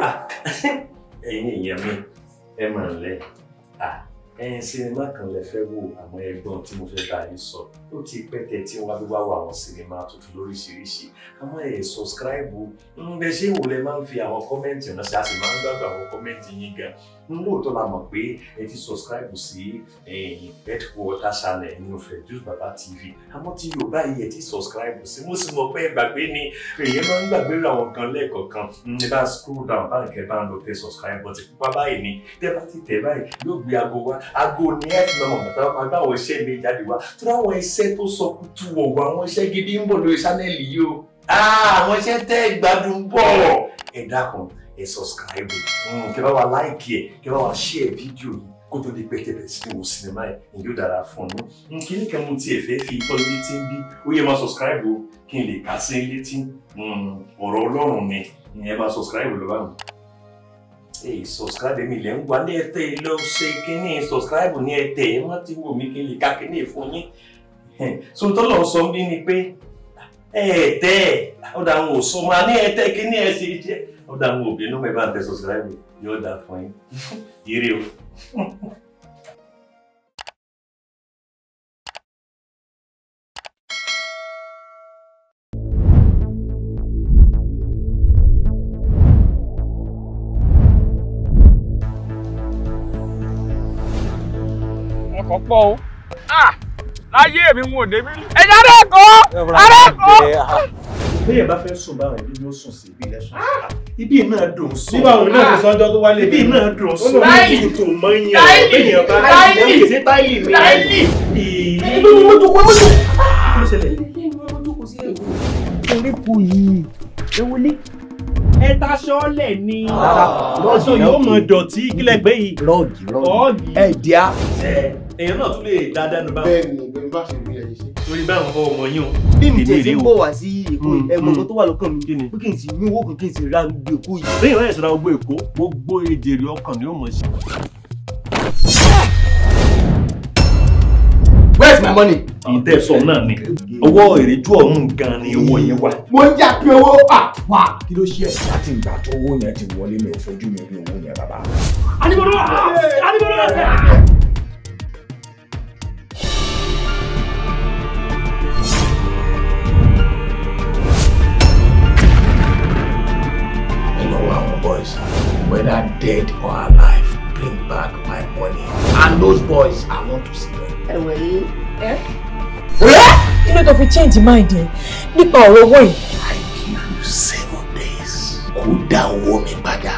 Ah, ẹ̀yin ìyẹn mi ẹ mà ń lẹ ah, ẹ̀yin sinimá kan lẹ fẹ́ wo àwọn ẹ̀gbọ́n tí mo fẹ́ bá yín sọ ó ti pẹ́tẹ́ tí wọ́n wá wo àwọn sinimá tuntun lóríṣiríṣi àmọ́ ẹ sọsíkíráìbù ń bẹ ṣé ìwòlẹ máa ń fi àwọn kọ́mẹ́ǹtì ránṣẹ́ a sì máa ń gbàgbọ́ àwọn kọ́mẹ́ǹtì yín gan lóòótọ́ la mọ̀ pé ẹ ti subscribe sí eh, headquarter channel ní o Fejosbaba baba tv àmọ́ tí yorùbá yìí ẹ ti subscribe sí mo sì mọ̀ pé ẹ gbàgbé ni èyí máa ń gbàgbé àwọn kan lẹ́ẹ̀kọ̀ọ̀kan ní bá scroll down bá nǹkan bá ń lọ tẹ subscribe button pípa báyìí ni tẹ bá ti tẹ báyìí yóò gbé aago wá aago ní ẹ fi máa mọ̀ bàtà báwọn iṣẹ́ mi jáde wá tó láwọn àwọn iṣẹ́ gidi ń bọ̀ bọ̀ ẹ̀dá kan ẹ subscribe kẹ bá wa like ẹ kẹ wa share fídíò yìí kó tó di pẹtẹpẹ sí wo sinimá ẹ ní yóò dára fún un kí ní kẹ́ mo tiẹ̀ fẹ́ fi tọ́ létí ń bí ó subscribe o kí n lè kà sí létí ọ̀rọ̀ ọlọ́run mi ìyẹn máa subscribe lọ́wọ́ mi ee subscribe mi lẹ ń wá ní ẹtẹ lọ ṣe kínní subscribe ní ẹtẹ ẹ má ti wò mí kí n lè ka kínní fún yín sotọ́lọ̀ sọ bí ni pé ẹ̀ẹ́dẹ́ ọ̀dà àwọn ò sọ máa ní ẹtẹ kínní ẹ ṣe jẹ́. O da àwọn òbí inú mẹ́bàá tẹ sọ̀sìláìbù yóò dá fún yín yírí o. ọkọ̀ pọ̀ o láyé mi ń wò débi. ẹ̀yà arẹ́kọ̀ọ́ arẹ́kọ̀ọ́. bí èèyàn ah. bá fẹ́ sùn báwọn o ni ó sùn sí ibi ilẹ̀ sùn ah! ibi náà dùn sọ. nígbà òun náà ti sọ́jọ́ tó wálé. ibi náà dùn sọ. láìlì tó mọ yẹn. láìlì láìlì ṣe táìlì mi. láìlì. ibi mo jókòó mo jókòó. kí ló ṣẹlẹ̀ yìí. mo jókòó sí ewu. koríko yìí ewu ni. ẹ taṣọ ọlẹ ni. Ah, lọ́sọ̀ yóò mọ dọ̀tí kílẹ̀gbẹ́ yìí. rọ́ọ̀gì rọ́ọ̀gì ẹ̀díà. èèyàn náà tún lè dáadáa nù báwọn. bẹ́ẹ̀ni bẹ́ẹ̀ni bá ṣe bí torí bá àwọn ọmọ yín o. bí mi tẹ̀sí ń bọ̀ wá sí èkó mm, ẹ̀mọ́ mm. tó wà lọ́kàn mi pé kí n sì ní owó kan kí n sì ra gbogbo èkó yìí. lẹ́yìn láyé sọ̀rọ̀ gbogbo èkó gbogbo èdè ọkàn ni ó mọ̀ sí. where's my money. ìtẹ́ sọ náà ni owó ìrẹ́jú ọ̀hún gan ni owó yẹn wà. mo ń jà pé owó à ah, wà. kí ló ṣe ẹ̀sìn láti ìgbà tó owó yẹn ti wọlé mi ò fojú mi rí owó yẹn bàbá. adigun náà adigun náà. boys, whether dead or alive, bring back my money. And those boys, I want to see them. Ẹ eh? yìí. Ẹ. Kí ló tó fi change mind ẹ nípa ọ̀rọ̀ owó yìí? I give you seven days. Kó that woman, mi padà.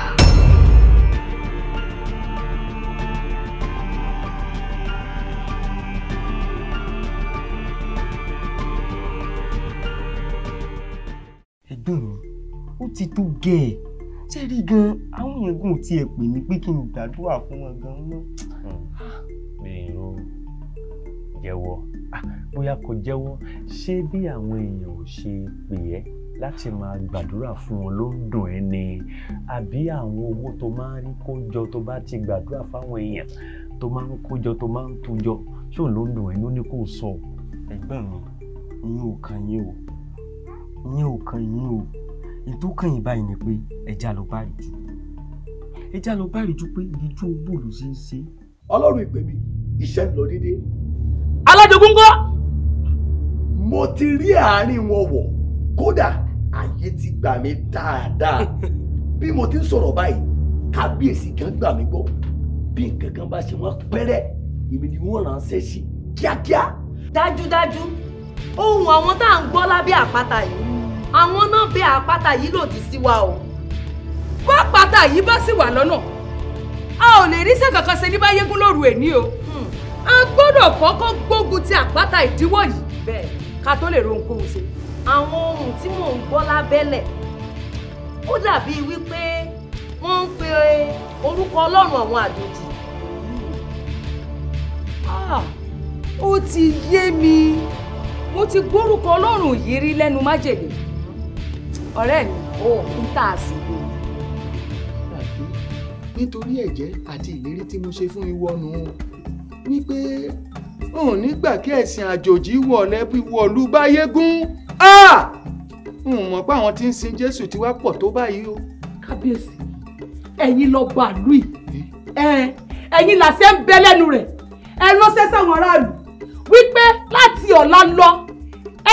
Ẹ̀gbọ́n mi, ó ti tó ṣé rí gan àwọn yẹn gùn tí ẹ pè mí pé kí n gbàdúrà fún wọn gan náà. bẹ́ẹ̀ ló jẹ́wọ́ ah, bóyá kò jẹ́wọ́ ṣé bí àwọn èèyàn ò ṣe pè ẹ́ láti máa gbàdúrà fún wọn ló ń dùn ẹ́ ni àbí àwọn owó tó máa ń rí kó jọ tó bá ti gbàdúrà fáwọn èèyàn tó máa ń kó jọ tó máa ń tu jọ ṣó ló ń dùn ẹ́ ló ní kó sọ. ẹ̀gbọ́n mi ìyẹn ò kàn yín o ìyẹn ò kàn yín o n tó kàn yín báyìí ni pé ẹja lọ bá ìjú ẹja lọ bá ìjú pé ìjú owó ló ṣe ń ṣe. ọlọ́run ìpè mi iṣẹ́ ń lọ déédéé. alájogún kọ́. mo ti rí àárín wọn wọ̀ kódà àyè ti gbà mí dáadáa bí mo ti ń sọ̀rọ̀ báyìí kábíyèsí kan gbà mí gbọ́ bí nǹkan kan bá ṣe wọ́n pẹ́rẹ́ èmi ni wọ́n ránṣẹ́ sí kíákíá. dájúdájú ohun àwọn tá à ń gbọ́ lábẹ́ àpáta yìí àwọn náà bẹ àpáta yìí lòdì sí wa o bá àpáta yìí bá sì wà lọ́nà a ò lè ríṣẹ́ kankan ṣe ní bá yégún lóru ẹ̀ ní o hmm. a gbọ́dọ̀ kọ́kọ́ gbógun ti àpáta ìdíwọ́ yìí bẹ́ẹ̀ ká tó lè rohunkóhun ṣe àwọn ohun tí mò ń gbọ́ lábẹ́lẹ̀ ó dàbí wípé wọ́n ń pe orúkọ ọlọ́run àwọn àjòjì ah, ó ti yé mi mo ti gbórúkọ ọlọ́run yìí rí lẹ́nu májèlé ọ̀rẹ́ mi ò ń tà àsìkò. nítorí ẹ̀jẹ́ àti ìlérí tí mo ṣe fún ìwọ́nu wípé òun nígbà kí ẹ̀sìn àjòjì wọlé bí wọlú báyé gún n mọ̀ pé àwọn tí ń sin Jésù ti wá pọ̀ tó báyìí o. kábíyèsí ẹ̀yin lọ bá ìlú yìí ẹ̀yin làṣẹ ń bẹ lẹ́nu rẹ̀ ẹ lọ́sẹ̀ sáwọn aráàlú wípé láti ọ̀la lọ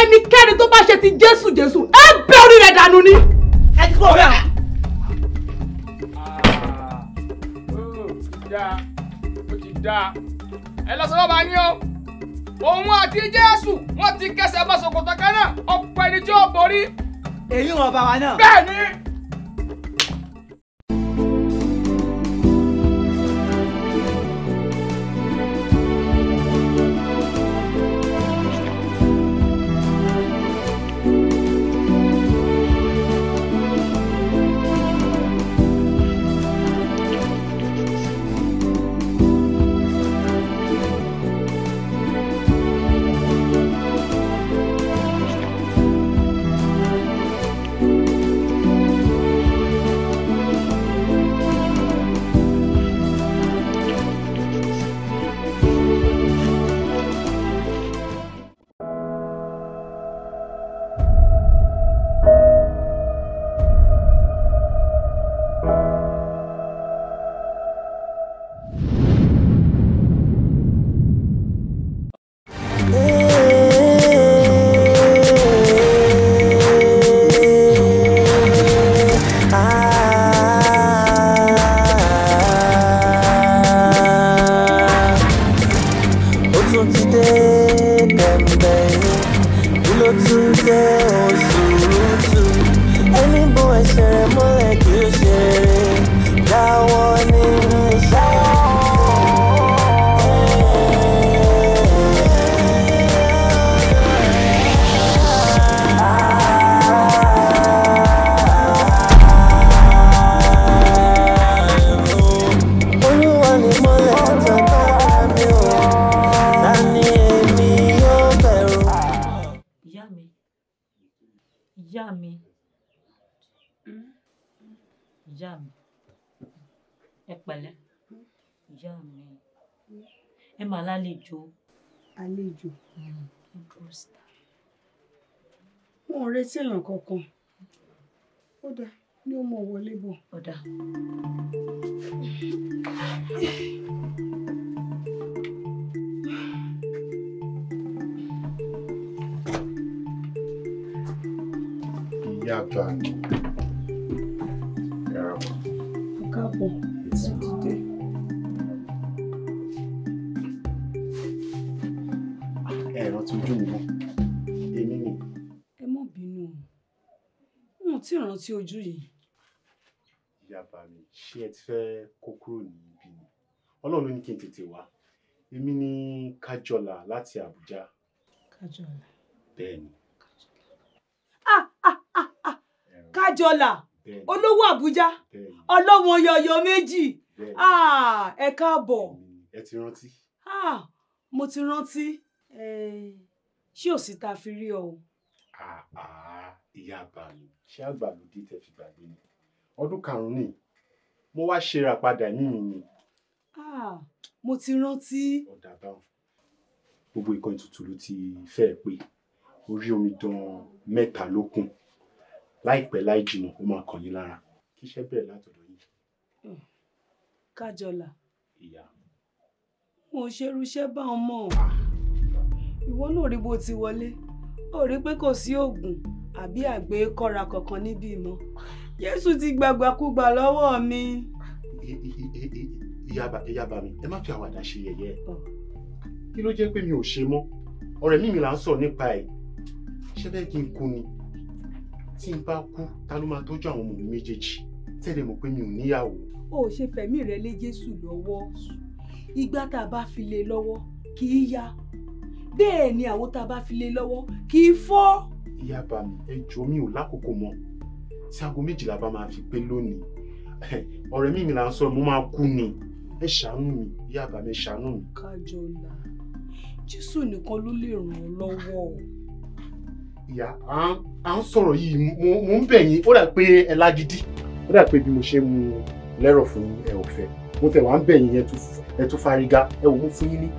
ẹnikẹ́ni tó bá ṣe ti jésù jésù ẹ bẹ́ orí rẹ̀ dànù ni. ẹ ti kọ́ bẹ́ẹ̀. ó ti dáa ẹ lọ sọ́dọ̀ bá yín o òun àti jésù wọ́n ti kẹsẹ̀ bá ṣòkòtò kan náà ọ̀pọ̀ ẹni tí ó borí. èyí wọn bá wa náà. bẹ́ẹ̀ retí èèyàn kankan ó dáa ni ó mọ wọlé bọ̀. ó dáa. ìyá ta ni ẹ̀rọ. ó káàbọ̀ ẹ dìde. ẹ̀rọ tí ojú mi mọ́. ò tí ì rántí ojú yìí. ìyàbá mi ṣé ẹ ti fẹ́ kó kúrò níbí ni ọlọ́run ló ní kí n tètè wá èmi ní kájọlà láti àbújá. kájọlà. bẹ́ẹ̀ ni. kájọlà ah, ah, ah, olówó àbújá ọlọ́mọ yọyọ méjì ẹ káàbọ̀. ẹ ti rántí. mo ti rántí eh, ṣé òsì ta fi rí ọ. ìyá àbá ṣé àgbàlódé tẹ fi gbàgbé ni ọdún karùn-ún ni mo wá ṣera padà ní mi ni. Ah, mo ti rántí. ọ̀dà báwọn gbogbo ìkan ìtutù ló ti fẹ́ pé orí omidan mẹ́ta ló kùn láìpẹ́ láì jìnnà ó máa kàn yín lára kí iṣẹ́ bẹ̀rẹ̀ látọ̀dọ̀ yìí. Hmm. kájọlá ìyá mo ṣerú bá ọmọ ah. ìwọ náà rí bó ti wọlé ó rí pé kò sí oògùn àbí àgbé kọ́ra kankan níbí mọ́ Jésù ti gbàgbàkúgbà lọ́wọ́ mi. ìyá bá mi ẹ má fi àwàdà ṣe yẹ̀yẹ́ kí ló jẹ́ pé mi ò ṣe mọ́ ọ̀rẹ́ mi mi là ń sọ nípa ẹ̀ ṣé bẹ́ẹ̀ kí n kú ni tí n bá kú ta ló máa tọ́jú àwọn ọmọ mi méjèèjì tẹ́lẹ̀ mọ̀ pé mi ò níyàwó. o ò ṣe fẹ̀mí rẹ lé Jésù lọ́wọ́ ìgbà tá a bá fi lé lọ́wọ́ kì í ya bẹ́ẹ̀ ni àwọn tá a bá fi lé lọ́wọ́ kì í fọ́ ìyá bá mi ẹ jọ mi ò lákòókò mọ́ tí aago méjìlá bá máa fi pé lónìí ọ̀rẹ́ mímì là ń sọ mo máa kú ni ẹ ṣàánú mi ìyá bá mi ṣàánú mi. kájọlá jésù nìkan ló lè ràn ọ́ lọ́wọ́ o ìyá à ń sọ̀rọ̀ yìí mo ń bẹ̀ yín ó dà pé ẹ lágídí ó dà pé bí mo ṣe mu lẹ́rọ̀ fún ẹ ọ̀fẹ́ mo tẹ̀ wá ń bẹ̀ yín ẹ tún fárígá ẹ wò mo fún yín ní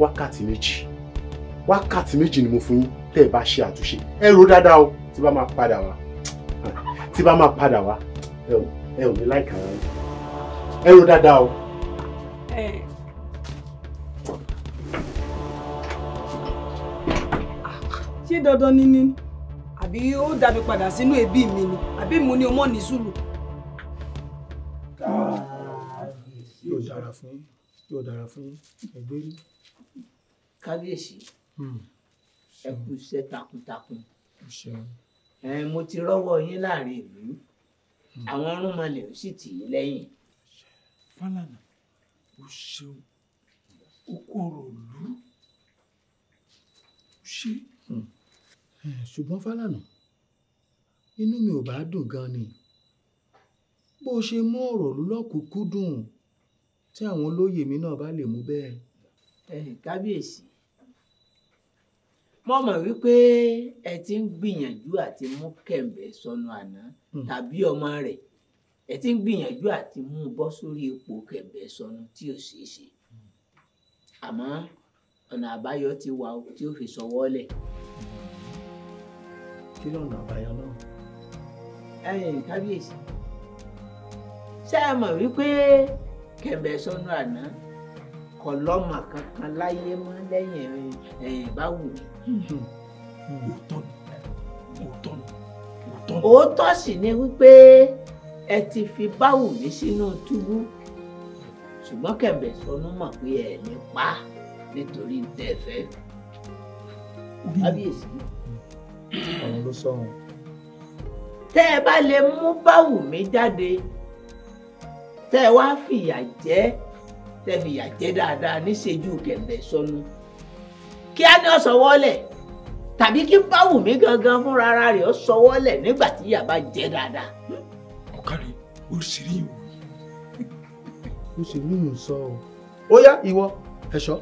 wákàtí méjì wákàtí méjì ni mo fún yín tẹ́ ẹ bá ṣe àtúnṣe ẹ ro dáadáa o tí bá máa padà wá tí bá máa padà wá ẹ ò ẹ ò ní láìka rẹ ẹ ro dáadáa o. ṣé dandan ni ni àbí ó dá mi padà sínú ẹbí mi ni àbí mo ní o mọ̀ ní sùúrù. yóò dára fún yín yóò dára fún ẹgbẹ́ rí. kábíyèsí. Hmm ẹ kú iṣẹ́ takuntakun mo ti rọ́wọ́ yín láàrin ìlú hmm. àwọn ọ̀rúnmọlẹ̀ ò sì tì í lẹ́yìn. Fálànà o ṣeun o kú ọ̀rọ̀ òlu o ṣe. Hmm. ṣùgbọ́n Fálànà inú mi ò bá dùn gan-an ni bó ṣe mú ọ̀rọ̀ òlu lọ́kùnkúndùn tí àwọn olóyè mi náà bá lè mú bẹ́ẹ̀. kábíyèsí mo mọ̀ wípé ẹ ti ń gbìyànjú àti mú kẹ̀mbẹ́ sọnù àná hmm. tàbí ọmọ rẹ̀ ẹ ti ń gbìyànjú àti mú bọ́ sórí ipò kẹ̀mbẹ́ sọnù tí ò ṣeé ṣe àmọ́ ọ̀nà àbáyọ ti wà tí ó fi sọwọ́ lẹ̀. kí lọ́nà àbáyọ náà. ẹ̀yin kábíyèsí ṣé ẹ mọ̀ wípé kẹ̀mbẹ́ sọnù àná kọ̀ lọ́mọ kankan láyé mọ́ lẹ́yìn ẹ̀yìn bá wù mí òótọ́ ni òótọ́ ni òótọ́ ni. òótọ́ sì ni wípé ẹ ti fi Báwùmí sínú túbú ṣùgbọ́n kẹ̀mbẹ̀ sọnù mọ̀ pé ẹ̀ ní pa nítorí tẹ̀fẹ́. kábíyèsí. ọ̀run ló sọ̀rọ̀. tẹ́ ẹ bá lè mú Báwùmí jáde tẹ́ ẹ wá fìyà jẹ tẹ́ fìyà jẹ dáadáa níṣẹ́jú kẹ̀mbẹ̀ sọnù kí á ní ó sọwọ́lẹ̀ tàbí kí Báwùmí gangan fúnra rẹ̀ ó sọwọ́lẹ̀ nígbà tí ìyá bá jẹ́ dáadáa. ọ̀kárí ó sì rí ìwò ó sì rí ìwò sọ ọ. ó yá ìwọ ẹ̀ṣọ́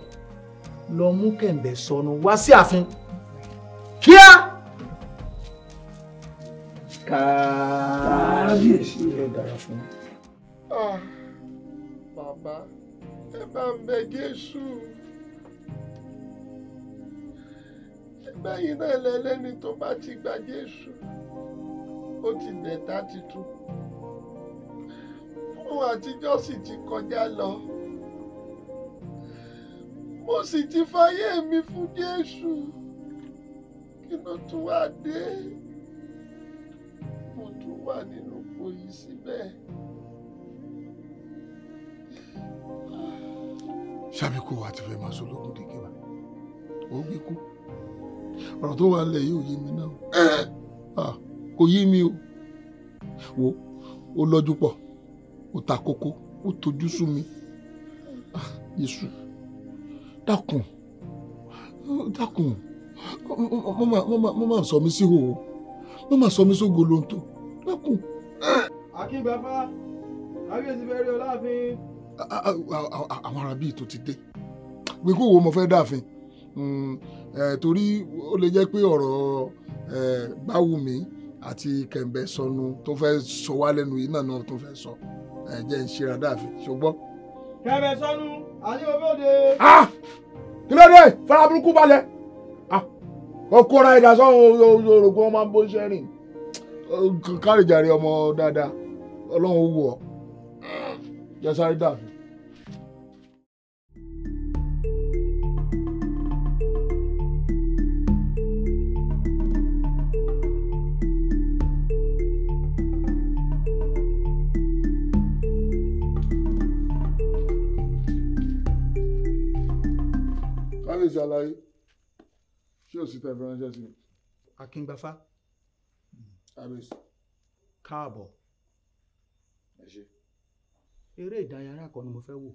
lọ mú kẹ̀ǹbẹ̀ sọnù wá sí ààfin kíá. kábíyèsí rẹ̀ dára fún mi. Ah, bàbá ẹ bá ń bẹ Jésù. ṣùgbọ́n yìí náà lẹ́lẹ́ni tó bá ti gba Jésù ó ti dẹ̀dá tuntun fún àtijọ́ sì ti kọjá lọ mo sì ti fayé mi fún Jésù kí ló tún wá dé mo tún wà nínú ipò yìí síbẹ̀. ṣàbíkú wa ti fẹ́ máa sọ lókùn dìgbà ó gbé kú ọ̀rọ̀ tó wà nílẹ̀ yóò yé mi náà ẹ̀ kò yé mi o wo ó lọ́jú pọ̀ ó ta kókó ó tójú sú mi Jésù dákun dákun mo máa sọ mí sí hòhò mo máa sọ mí sógo lóńtó dákun. akínbẹ́fà kábíyèsí fẹ́ rí ọ láàfin. àwọn arábí tó ti dé gbẹ̀gbẹ̀ wo mo fẹ́ dáàfin hmm, torí ó lè jẹ́ pé ọ̀rọ̀ Báwùmí àti Kẹ̀mbẹ́ Sọnù tó fẹ́ sọ wá lẹ́nu yìí náà náà tó fẹ́ sọ jẹ́ ń ṣe rádà àfi ṣùgbọ́n. Kẹ̀mbẹ́ Sọnù àní òbóde. kí ló dé fara burúkú balẹ̀ ọkọ ra ìdásọ́ orogún ọmọ bó ṣe rìn kárìjàre ọmọ dáadáa ọlọ́run wù ọ́ jẹ́ sáré dàbí. kábíyèsí aláyé ṣé o sì tẹ fi ránṣẹ́ sí mi. akíngbafá. kábíyèsí. káàbọ̀. ẹ ṣe. eré ìdárayá kan ni mo fẹ́ wò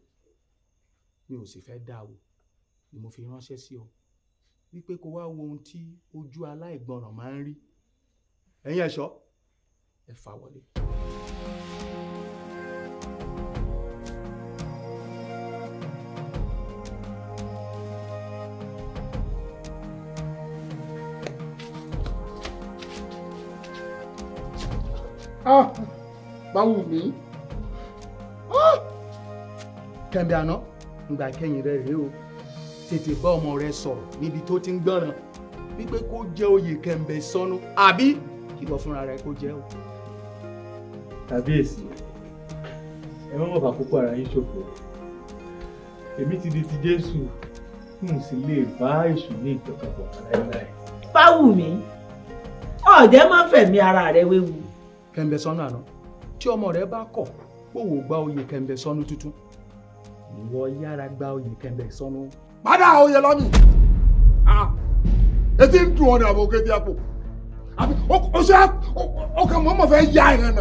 mi ò sì fẹ́ dáa wò ni mo fi ránṣẹ́ sí ọ wípé kó wá wo ohun tí ojú aláìgbọràn máa ń rí ẹ̀yin ẹ̀ṣọ́ ẹ fà wọlé. thank you Ah, báwo mi kẹ̀mí àná ìgbà kẹyìn rẹ rèé o tètè bá ọmọ rẹ sọ̀rọ̀ níbi tó ti ń gbọ́ràn wípé kó jẹ́ oyè kẹ̀mbẹ̀ sọnù àbí kíkọ fúnra rẹ kó jẹ́ o. kábíyèsí ẹ má bàbá púpọ̀ ara yín ṣòfò èmi ti di ti jésù n ò sì lè bá èṣù ní ìjọkàpọ̀ láéláé. báwo mi ọ̀jẹ̀ máa ń fẹ̀mí ara rẹ wéwu kẹ̀mbẹ̀sọ́nù àná tí ọmọ rẹ bá kọ̀ gbòòwò gba oyè kẹ̀mbẹ̀sọ́nù tuntun ìwọ yára gba oyè kẹ̀mbẹ̀sọ́nù. padà oyè lọ́mì ah, etí ń dùn ọ̀nà àbòkè tí a kò o ṣe ọkàn mọ́mọ́ fẹ́ ya ìrìn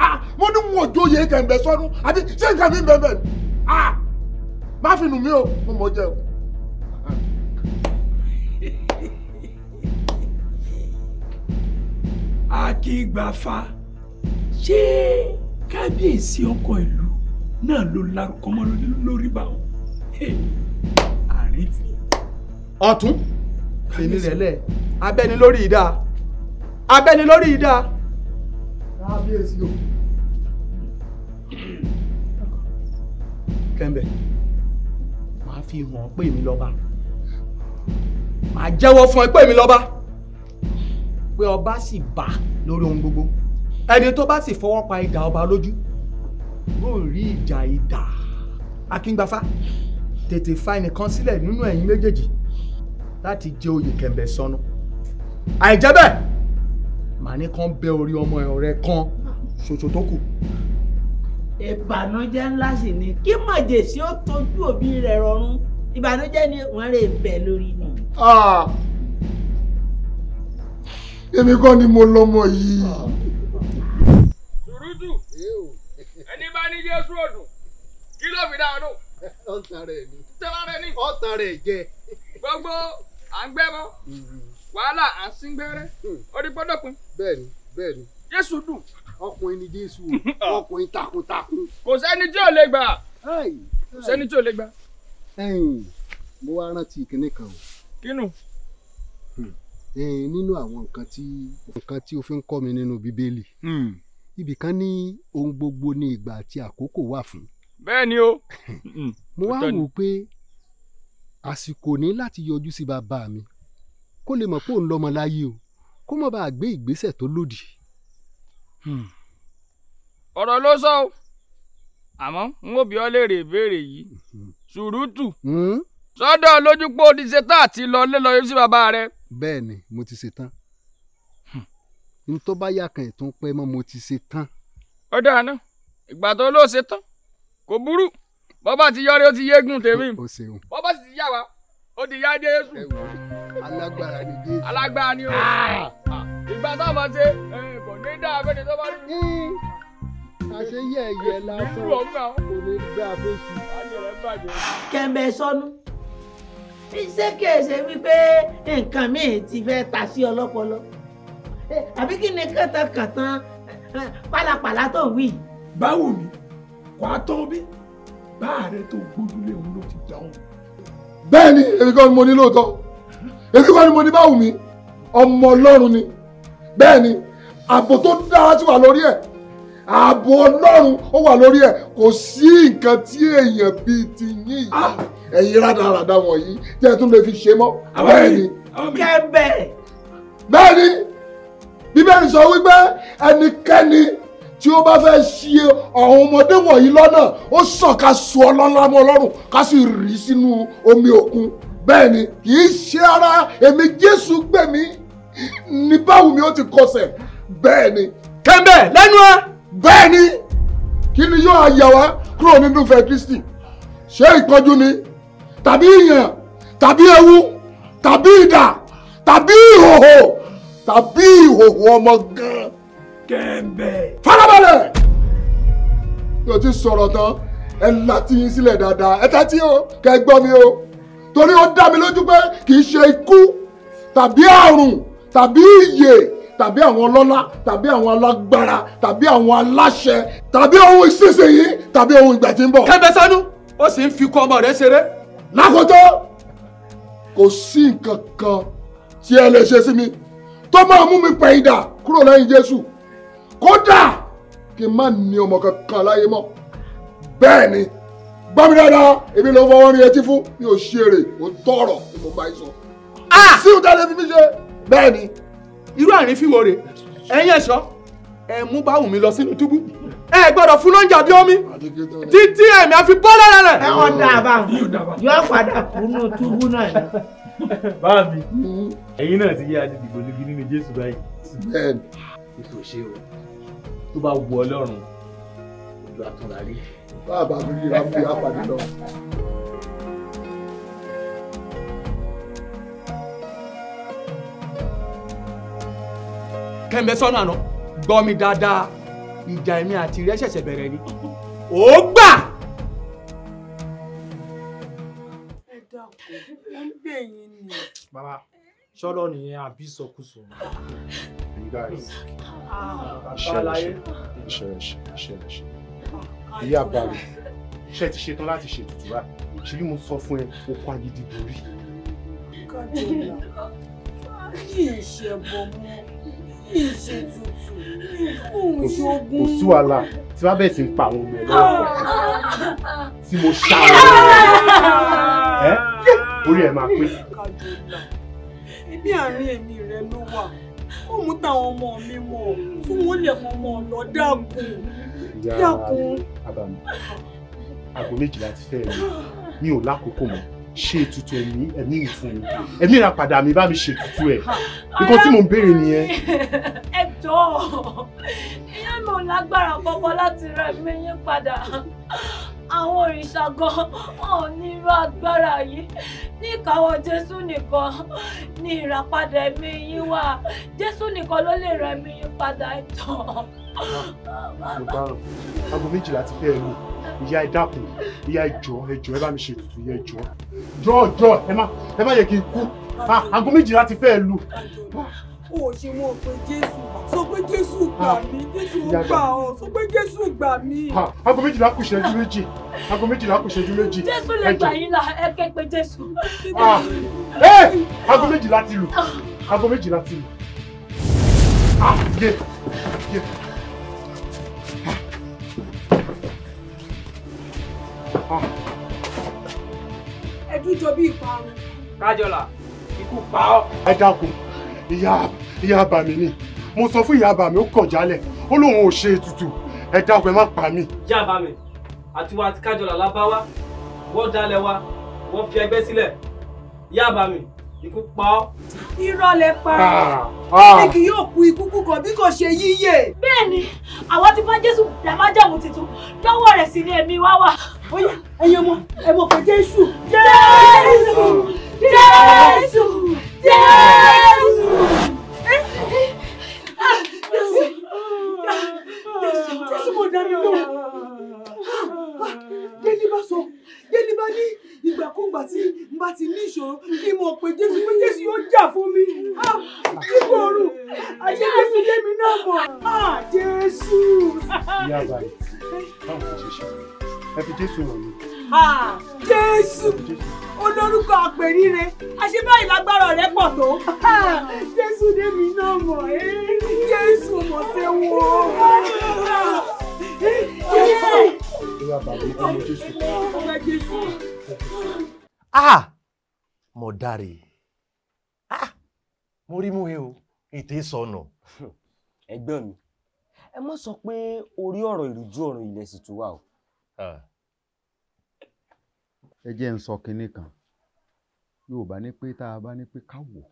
náà mo ní wọn ò jóye kẹ̀mbẹ̀sọ́nù àbí ṣé nǹkan mi bẹ́ẹ̀ bẹ́ẹ̀ ni ah, má fi nù mí o mo mọ̀ jẹ́ o. akígbàfà ṣé kábíyèsí ọkọ ìlú náà ló larúkọ mọ́ lórí báwọn àrífín. ọ̀tún fèmí rẹ̀lẹ̀ abẹ́ni lórí ìdá abẹ́ni lórí ìdá. kábíyèsí o. kẹ́ńbẹ̀ màá fi hàn pé èmi lọ́ba màá jẹ́wọ́ fún ẹ pé èmi lọ́ba pé ọba sì bà lórí ohun gbogbo ẹni tó bá sì fọwọ́ pa idà ọba lójú yóò rí ìjà idà akíngbafa tètè fa ẹnìkan sílẹ̀ nínú ẹ̀yin méjèèjì láti jẹ oyè kẹ̀mbẹ̀ sọnù àìjẹ́ bẹ́ẹ̀ màá ní kàn bẹ orí ọmọ ọ̀rẹ́ kan ṣoṣo tó kù. ìbànújẹ́ ńlá sì ni kí màjèṣí ó tọ́jú òbí rẹ̀ rọrùn ìbànújẹ́ ni wọ́n lè bẹ̀ lórí ni. Ah! èmi kọ́ ni mo lọ́mọ yìí. Ah! ní Jésù ọdún kí ló fi dáa lò. ọ̀tàn rẹ̀ ni ọ̀tàn rẹ̀ jẹ. gbogbo à ń gbẹ́bọ mm-hmm. wàhálà à ń sín gbẹ́rẹ́ orí mm. gbọ́dọ̀ pin. bẹ́ẹ̀ni bẹ́ẹ̀ni. Jésù dùn. ọkùnrin ni Jésù oh. ọkùnrin takuntakun. kò sẹ́ni tí ò lè gbà kò sẹ́ni tí ò lè gbà. mo wá rántí kinní kan o. kínú. Hmm. nínú àwọn nǹkan tí o fi ń kọ́ mi nínú Bíbélì. Hmm ibìkan ní ohun gbogbo ní ìgbà àti àkókò wà fún. bẹ́ẹ̀ ni o. mo wá wò pé àsìkò ní láti yọjú sí bàbá mi kó lè mọ̀ pé òun lọ́mọ láyé o kó má bàa gbé ìgbésẹ̀ tó lòdì. Hmm. ọ̀rọ̀ ló sọ o àmọ́ n ó bi ọ́ léèrè ìbéèrè yìí ṣùrùtù hmm. hmm? sọ́dọ̀ lójú pé o ti ṣetán àti lọ lé lọ yọjú sí bàbá rẹ. bẹ́ẹ̀ mo ti ṣetán n tó bá yà kàn ètò pẹ́ mọ́ mo ti ṣe tán. ó dáa ná ìgbà tó ló ṣe tán kò burú bọ́bá ti yọrí ó ti yégun tèmi bọ́bá sì ti yà wá ó ti yá jésù. alágbára ni jésù. alágbára ni o ah! ìgbà tá a máa ṣe kò ní dáa fẹ́ni tó bá rí mi. àṣé yẹ̀yẹ̀ lásán kò ní dáa fẹ́sù. kẹ̀mẹ̀ sọnù ṣé kèsè wípé nǹkan míì ti fẹ́ ta sí ọlọ́pọlọ àbí kí ni kàtàkàtàn pálapàla tó wí. báwo ni kò á tán bí báàrẹ tó gbójúlé òun ló ti dáhùn. bẹ́ẹ̀ ni èmi kọ́ ni mo ní lóòótọ́ èmi kọ́ ni mo ní báwùmí ọmọ ọlọ́run ni bẹ́ẹ̀ ni ààbò tó dára ti wà lórí ẹ̀ ààbò ọlọ́run ó wà lórí ẹ̀ kò sí nǹkan tí èèyàn bíi ti yín ah! ẹ̀yin rádaràda wọ̀nyí tẹ́ tún lè fi ṣe mọ́ bẹ́ẹ̀ ni. kẹ́bẹ̀. bẹ́ẹ̀ ni bíbélì sọ wípé ẹnikẹ́ni tí ó bá fẹ́ ṣe àwọn ọmọdé wọ̀nyí lọ́nà ó sàn ká so ọlọ́lọ́mọ ọlọ́run ká sì rì sínú omi òkun bẹ́ẹ̀ ni kì í ṣe ara èmi jésù gbẹ̀mí ní báwo mi ó ti kọsẹ̀ bẹ́ẹ̀ ni. kẹ́ńbẹ̀ lẹ́nu ẹ. bẹ́ẹ̀ ni kí ni yóò yà wá kúrò nínú fẹ́ kristi ṣé ìpọ́njú ni tàbí ìyàn tàbí ewu tàbí idà tàbí ìhòhò tàbí ìhòòhò ọmọ gan. kẹ́ńbẹ́. farabalẹ̀. yóò ti sọ̀rọ̀ tán ẹ láti yín sílẹ̀ dáadáa ẹ tẹ́tí o kẹ́ gbọ́ mi o torí ó dá mi lójú pé kì í ṣe ikú tàbí àrùn tàbí ìyè tàbí àwọn ọlọ́lá tàbí àwọn alágbára tàbí àwọn aláṣẹ tàbí ohun ìsinsìnyí tàbí ohun ìgbà tí ń bọ̀. kẹ́ńbẹ́ sánú ó sì ń fi kọ́ ọmọ rẹ̀ ṣeré. lákòótọ́ kò sí nǹkan kan tí ẹ lè ṣe sí mi tó máa mú mi pẹ̀yìndà kúrò lẹ́yìn Jésù kódà kí n má ní ọmọ kankan láyé mọ́ bẹ́ẹ̀ ni gbọ́ mi dáadáa èmi ló fọwọ́ rin etí fún mi ò ṣeré ò tọrọ ni mo bá yín sọ. Ah! sí ìta lè fi mí ṣe bẹ́ẹ̀ ni. irú àrín fi wòrè ẹ̀yin ẹ̀ṣọ́ ẹ̀ mú bá wù mí lọ sínú túbú ẹ gbọ́dọ̀ fún lóúnjẹ àbí omi títí ẹ̀mí àfi bọ́ lára ẹ ọ̀dà àbá yóò padà kú túbú náà. bá mi hmm. ẹ̀yin náà ti yé a ti dìbò níbi nínú Jésù báyìí. bẹ́ẹ̀ni. ètò ṣe o tó bá wu Ọlọ́run ojú àtúnra rí. bàbá mi rí ra bí apàdé lọ. kẹ́mbẹ́ sọ́nà àná gbọ́ mi dáadáa ìjà èmi àti rẹ́ ṣẹ̀ṣẹ̀ bẹ̀rẹ̀ ni ó gbà. ó ń bẹ̀ yín ni. bàbá ṣọ́lọ́ nìyẹn àbí ìsọkúsọ. ṣẹlẹṣẹ ṣẹlẹṣẹ ṣẹlẹṣẹ ṣe ti ṣetán láti ṣètùtù rà ṣe bí mo sọ fún ẹ o kó agídí borí. kí n ṣe bọ̀ mọ́ ìṣe tuntun òun ṣogun. kò sí wàhálà tí wàá bẹ̀rẹ̀ sí ń pa àwọn ọmọ ẹ lọ́wọ́ tí mo ṣá ọ ẹ orí ẹ máa pé. ibi àárín èmi rẹ ló wà ó mú táwọn ọmọ mi mọ tí wọn lè mọ ọmọ ọlọ dákun dákun. àbàmì méjìlá ti fẹ́ mi mi ò lákòókò mọ́ ṣe ètùtù ẹ̀mí ẹ̀mí mi fún mi ẹ̀mí ìràpadà mi bá mi ṣe ètùtù ẹ̀ nǹkan tí mò ń béèrè nìyẹn. ẹ jọ̀ọ́ ìyá mi ò lágbára kankan láti ra ẹ̀mí yín padà àwọn òrìṣà gan ò ní irú agbára yìí ní ìkáwọ́ Jésù nìkan ní ìràpadà ẹ̀mí yín wà Jésù nìkan ló lè ra ẹ̀mí yín padà ẹ jọ̀ọ́. aago ah, méjìlá ti fẹ́ ẹ lò ìyá ẹ dákun ìyá ẹ jọ ẹ jọ ẹ bá mi ṣe ètùtù ìyá ẹ jọ jọ jọ ẹ má ẹ má yẹ kí n kú ah, aago méjìlá ti fẹ́ lù. o ṣe mọ̀ pé jésù sọ pé jésù gbà ah, mí jésù gbà ọ sọ pé jésù gbà mí. Ah, aago méjìlá kù ṣẹ́jú méjì aago méjìlá kù ṣẹ́jú méjì. jésù lè gbà yín là ẹ ké pe jésù. aago méjìlá ti lù aago méjìlá ti lù. Ah, yeah, yeah. kan. ẹdún jọ bí ìparun. kájọlá ikú pa ọ. ẹ dákun ìyá ìyá àbàmì ni mo sọ fún ìyá àbàmì ó kọ̀ jálẹ̀ ó lóun ò ṣe ètùtù ẹ dákun ẹ má pa mí. ìyá àbàmì àtiwá àti kájọlá la bá wá wọ́n dalẹ̀ wa wọ́n fi ẹgbẹ́ sílẹ̀ ìyá àbàmì ikú pa ọ́. irọ́ lẹ pa ẹ́ ah, ah. kì yóò kú ikú kúkọ bí kò ṣe yíyè. bẹ́ẹ̀ ni àwa ti bá jésù dàmájàmù tuntun lọ́wọ́ rẹ̀ sí ni ẹ̀mí wá wà. Oya, ẹ̀yin ọmọ, ẹ mọ̀ pé Jésù. Jésù! Jésù! Jésù! Jésù! Jésù mo dá mi lọ. Délé bá sọ, Délé bá ní ìgbàkúgbà tí n bá ti ní ìṣòro kí mo pè Jésù pé Jésù yóò jà fún mi. Kíkó ah, oorun, àṣẹ Jésù lé mi náà bọ̀. Ah, Jésù! Yàrá báyìí, báwo ni ṣe ṣe? ẹ fi jésù wọ̀nyí. jésù olórúkọ àpèrire àṣebáyìí lágbára rẹ pọ̀ tó jésù débi náà mọ̀ ẹ́ eh. jésù mọ̀ ṣe wọ́ jésù. ìwà ah mo dáre ah mo rí mú he o ètè sọnù. ẹgbẹ́ mi ẹ má sọ pé orí ọ̀rọ̀ ìrújú ọ̀rọ̀ ilẹ̀ sì tún wà o ẹ jẹ́ ń sọ kinní kan yorùbá ní pé tá a bá ní pé ká wò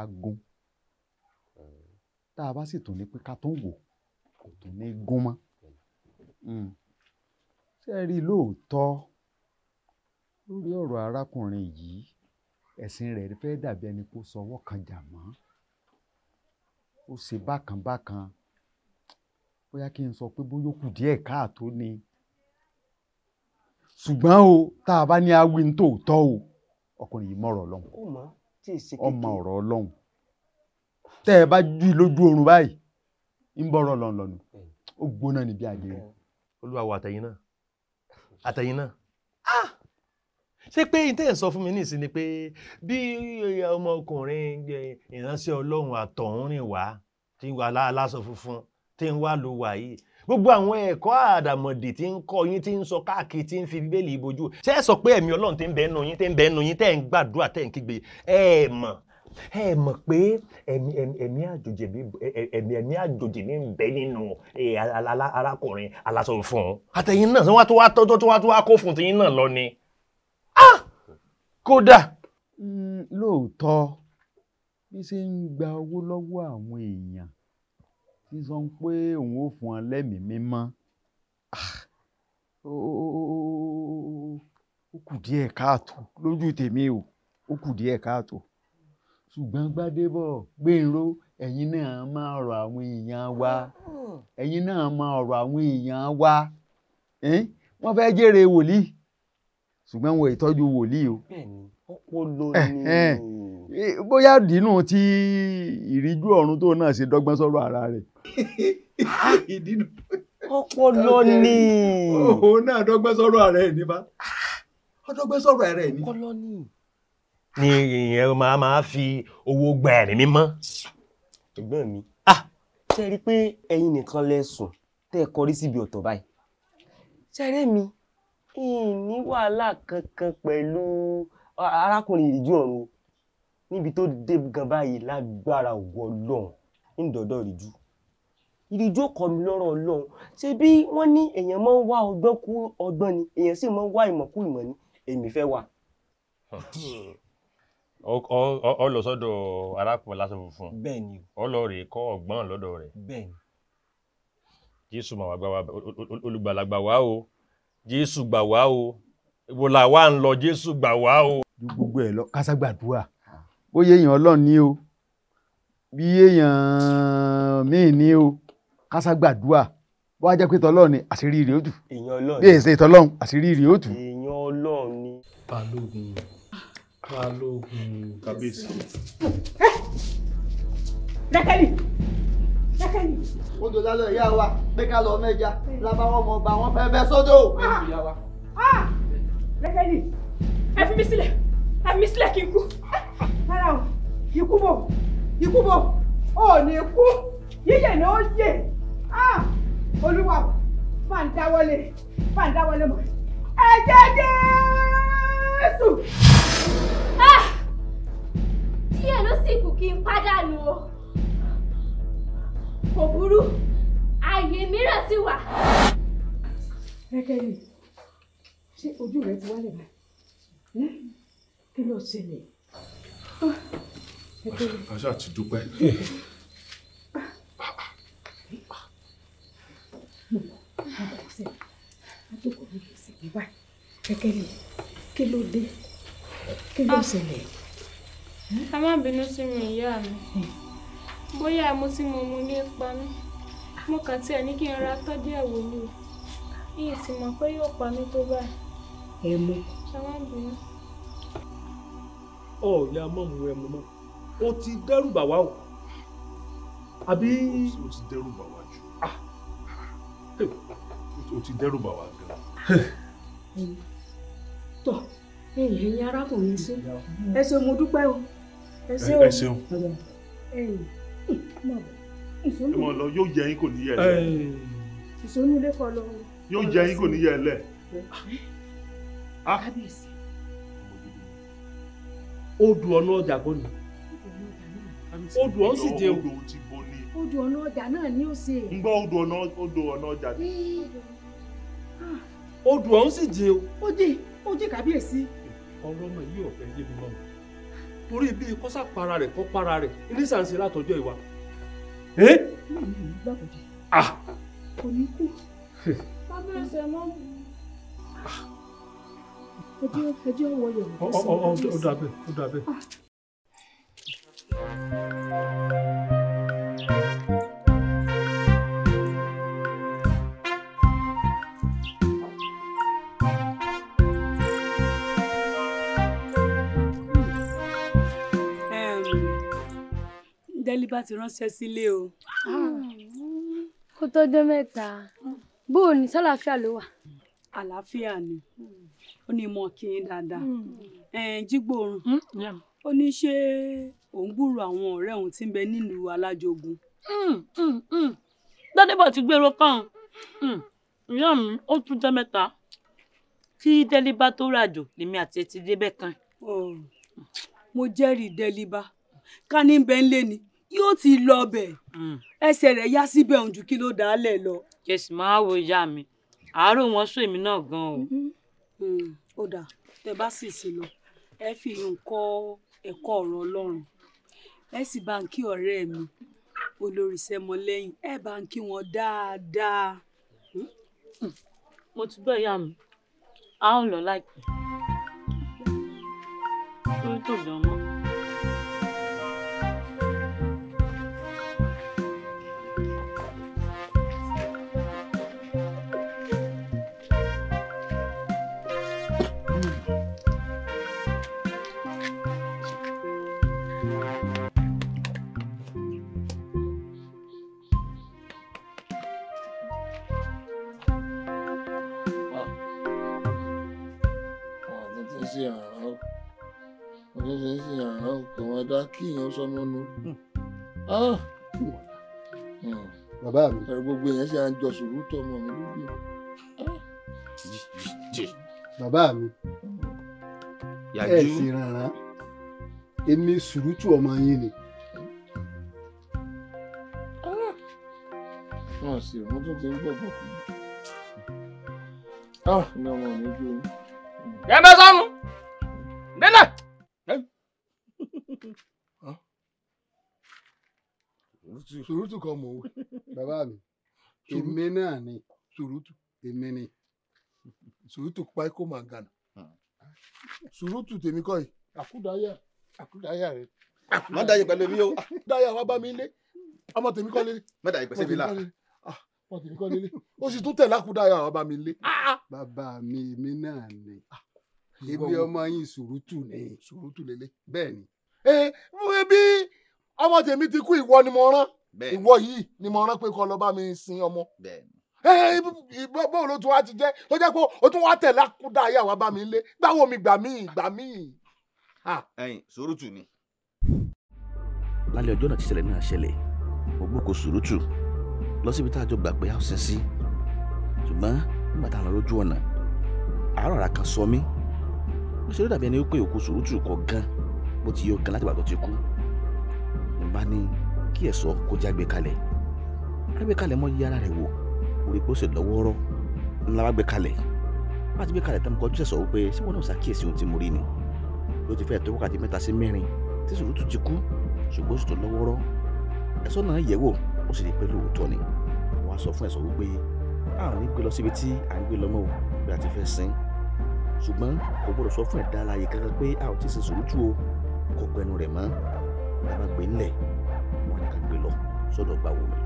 á gún tá a bá sì tún ní pé ká tún wò kò tún ní gún mọ́ hmm. ṣé ẹ rí lóòótọ́ lórí ọ̀rọ̀ arákùnrin yìí ẹ̀sìn rẹ̀ fẹ́ dàbí ẹni kó sọwọ́ kan jà mọ́ ó ṣe bákan bákan bóyá kí n sọ pé bóyá díẹ̀ káàtó ni. ṣùgbọ́n o tá a bá ní awi ní tòótọ́ o ọkùnrin yìí mọ̀rọ̀ ọlọ́run ọmọ ọ̀rọ̀ ọlọ́run tẹ́ ẹ bá jú lójú oorun báyìí ń bọ̀rọ̀ ọlọ́run lọ́nu ó gbóná níbi àdéhùn. olúwa wo àtẹ̀yìn náà àtẹ̀yìn náà ah! ṣé pé ìtẹ́ ẹ̀ sọ fún mi nísìn ni pé bí ọmọkùnrin ìránṣẹ́ ọlọ́run àtọ̀hún rìn wá tí ń wà láṣọ funfun tí ń wà ló wà gbogbo àwọn ẹ̀kọ́ àdàmọ̀dì tí ń kọ́ yín tí ń sọ káàkiri tí ń fi bíbélì ìbojú ṣé ẹ sọ pé ẹ̀mí ọlọ́run tí ń bẹ́ẹ̀ nù yín tí ń bẹ́ẹ̀ nù yín tẹ́ ń gbàdúrà tẹ́ ń kígbe ẹ mọ̀ ẹ mọ̀ pé ẹ̀mí ẹ̀mí àjòjì ẹ̀mí ẹ̀mí àjòjì ní bẹ́ẹ̀ nínú arákùnrin aláṣọ fún un àtẹ̀yìn náà wọ́n tó wá tó tó wá tó wá kó fún tẹ̀yìn náà lọ ni kódà. lóòótọ́ bí ṣe ń gba owó lọ́wọ́ àwọn èèyàn sísọ pé òun ó fún wọn lẹ́mìí mímọ́ ó kù díẹ̀ káàtó lójú tèmi o ó kù díẹ̀ káàtó ṣùgbọ́n gbádébọ̀ gbẹ̀rọ ẹ̀yin náà máa ọ̀rọ̀ àwọn èèyàn wa ẹ̀yin náà máa ọ̀rọ̀ àwọn èèyàn wa wọ́n fẹ́ jèrè wòlíì ṣùgbọ́n wọn ìtọ́jú wòlíì o. bẹ́ẹ̀ni ọpọlọ ni. bóyá dínú ti ìríjú ọ̀run tó náà ṣe dọ́gbọ́n ara rẹ̀. ọpọlọ ni. òun náà dọ́gbọ́n ara ẹ̀ nípa ọdọ́gbọ́n ara ẹ̀ ní. ni. ìyẹn máa máa fi owó gba ẹ̀rín mímọ́. ẹ̀gbọ́n mi ah! ṣe rí i pé nìkan sùn ẹ kọrí mi wàhálà kankan pẹ̀lú arákùnrin ọ̀run níbi tó dé gan báyìí lágbára òwò ọlọ́run ńdọ̀dọ̀ ìrìjú ìrìjú ọkọ mi lọ́rọ̀ ọlọ́run ṣé bí wọ́n ní èèyàn máa ń wá ọgbọ́n kú ọgbọ́n ni èèyàn sì máa ń wá ìmọ̀ kú ìmọ̀ ni èmi fẹ́ wà. ọ lọ sọ́dọ̀ arákùnrin lásán funfun bẹ́ẹ̀ni ọ lọ rèé kọ́ ọgbọ́n lọ́dọ̀ rẹ̀ bẹ́ẹ̀ni jésù màwá gbà wá olùgbàlà wá o jésù gbà wá o ìwòlà wa ń lọ jésù gbà wá o. gbogbo ẹ lọ káságbàdúrà bóyá èèyàn ọlọ́run ni o bí èèyàn míì ni o kásá gbàdúrà bó wá jẹ́ pé tọ́lọ́run ni àṣírí rèé ó tú bí èsè tọ́lọ́run àṣírí rèé ó tú. èèyàn ọlọ́run ni. balógun balógun kábíyèsí. dákẹ́lì dákẹ́lì. ó dòdà lọ ìyá wa pé ká lọ mẹ́ja lábáwọ́ ọmọ ọba wọn fẹ́ bẹ́ sódò. Ah! Ah! dákẹ́lì ẹ fi mí sílẹ̀ ẹ fi mí sílẹ̀ kí n kú rárá o ikú bò ikú bò ó ní kú yíyẹ ni ó yè ah, olúwa máa ń dáwọ́lé máa ń dáwọ́lé mọ́ ẹ̀jẹ̀ Jésù. díẹ̀ ah, ló sì kù kí n pàdánù o kò burú ààyè mìíràn sì wà. rẹ́kẹ́rì ṣé ojú rẹ ti wálé báyìí hm? kí ló ṣẹlẹ̀ àṣà ti dúpẹ́. kẹ́kẹ́lì kí ló dé kí ló ṣẹlẹ̀. ẹ má bínú sí mi ìyá mi bóyá mo ti mọ mo ní pa mí mo kàn tiẹ̀ ní kí n ra tọ́jú ẹ̀ wò ni o ìyẹn sì mọ̀ pé yóò pa mí tó báyìí. ẹ mú. ẹ má bínú ọ̀ọ́yà mọ̀mú ẹ mọ́ o ti dẹ́rù bà wá o àbí. o ti dẹ́rù bà wá jù ah. o ti dẹ́rù bà wá gan. tọ ẹ̀yin arákùnrin sí ẹ ṣé mo dúpẹ́ o ẹ ṣé o ẹ ṣé o ẹ mọ lọ yóò jẹ yín kò ní yẹ lẹ ìsọnù lẹkọọ lọ yóò jẹ yín kò ní yẹ lẹ. Ah. Ah. kábíyèsí odò ọ̀nà ọjà kọ́ ni odò ọ̀hún sì jẹ́ odò ti bo ni. odò ọ̀nà ọjà náà ni ó ṣe. ń gbọ́ odò ọ̀nà odò ọ̀nà ọjà ni. odò ọ̀hún sì jẹ́ o. ó jẹ́ ó jẹ́ kábíyèsí. ọ̀rọ̀ ọmọ yìí ọ̀fẹ́ yé mi mọ́ mi torí bíi kọ́sà para rẹ̀ kọ́ para rẹ̀ iléeṣà ń ṣe látọjọ́ ìwà. Ah! kò ní kú. bàbá ẹsẹ̀ mọ́. Ah! ẹ jẹ́ ọwọ́ yẹ̀wò. ó dàbẹ̀ ó dàbẹ̀. délé bá ti ránṣẹ́ sílé o. Ah. kó tó dé mẹ́ta bóò ní sálàáfíà ló wà. àlàáfíà ni. Hmm ó ní mọ kí n dáadáa hmm. jígbóorùn hmm, ó ní ṣé òun gbúrò àwọn ọ̀rẹ́ òun tí ń bẹ nílùú alájogun. dádébọ̀ hmm, ti gbèrò kan ìyá mi ó tún jẹ́ mẹ́ta kí délíbá tó ràjò lèmi àti ẹtì débẹ̀ kan. mo jẹ́rìí délíbá ká ní bẹ́ẹ̀ ń lé ni yóò ti lọ bẹ̀ ẹsẹ̀ rẹ̀ yá síbẹ̀ òun ju kí ló dà lẹ̀ lọ. kẹsì máa wo ìyá mi àárò wọn sún èmi náà gan o. Mm-hmm. Hmm, ó dà tẹ bá sì sí lọ ẹ fi nǹkan ẹ̀kọ́ ọ̀rọ̀ Ọlọ́run ẹ sì bá ń kí ọ̀rẹ́ mi olórí sẹ́mọlẹ́yìn ẹ bá ń kí wọn dáadáa. Hmm? Hmm. mo ti gbọ́ ìyá mi a ó lọ láìpẹ́ lórí tòbí ọmọ. kí èèyàn sọmọ nu. Hmm. Ah. Hmm. Hmm. bàbá mi. ẹ̀rọ gbogbo èèyàn ṣe à ń jọ sùúrù tó ọmọ mi lóbi. Ah. bàbá mi ẹ sì rànrà èmi sùrùtù ọmọ yín ni. Ah. wọn sì wọn tó ti ń gbọ́ bọ kú. ní ọmọ mi ṣòrútù. ṣòrútù kan mò ń wò bàbá mi èmi náà ni ṣòrútù èmi ni ṣòrútù páíkó màgànà ṣòrútù tèmi kọ́ yìí àkúdáyà àkúdáyà rẹ. má dáyé pẹ̀lú mi o. dáyà wá bá mi lé ọmọ tèmi kọ́ lélẹ̀. má dáyé pẹ̀lú mi la ah, ọmọ tèmi kọ́ lélẹ̀ ó sì tún tẹ̀lé àkúdáyà wá bá mi lé. Ah, ah. bàbá mi èmi náà ni èmi ọmọ yín ṣòrútù ni ṣòrútù lélẹ̀ bẹ́ẹ̀ ni. ẹ eh, bí ọmọ tèmi ti kú ìwọ ni mo rán ìwọ yìí ni mo rán pé kó lọ bá mi sin ọmọ bọ́ọ̀ eh, ló wá ti jẹ́ tó jẹ́ pé o tún wá tẹ̀ lákúdá ayé àwa bá mi lé gbáwo mi gbà mí gbà mí. ẹyin sòrútù ni. lálẹ́ ọjọ́ náà ti ṣẹlẹ̀ náà ṣẹlẹ̀ mo gbóko sòrútù lọ síbi tá a jọ gbà pé a ó sin sí ṣùgbọ́n nígbà tá a lọ lójú ọ̀nà àárọ̀ ara kan sọ mí ó ṣe ló dàbí ẹni pé òkú sòrútù kọ gan bó ti yọ gan láti gbàgbọ́ ti kú n bá ní kí ẹ̀sọ́ kó jágbe kalẹ̀ ágbé kalẹ̀ mọ́ yí ara rẹ̀ wò orí pé ó sì lọ́wọ́rọ́ ńlá wá gbé kalẹ̀ bá ti gbé kalẹ̀ tán kọjú sẹ̀sọ̀ wípé ṣé wọn náà ṣàkíyèsí ohun tí mo rí ni ló ti fẹ́ẹ̀ tó wákàtí mẹ́ta sí mẹ́rin tí sòrútù ti kú ṣùgbọ́n ó sì tó lọ́wọ́rọ́ ẹ̀sọ́ náà yẹ̀ wò ó sì rí pé lóòótọ́ ni wọ́n á sọ fún ẹ̀sọ́ wípé a ò ní gbé lọ síbi tí à ń gbé lọ́mọ́ o bí a ti fẹ́ sin ṣùgbọ́n kò gbọ́dọ̀ sọ fún ẹ̀dá alààyè kankan pé a ò ti sin sòrútù o kò gbẹnu rẹ̀ mọ́ ẹ má gbé ńlẹ̀ wọ́n ní ká gbé lọ sọ́dọ̀ gbàwó mi.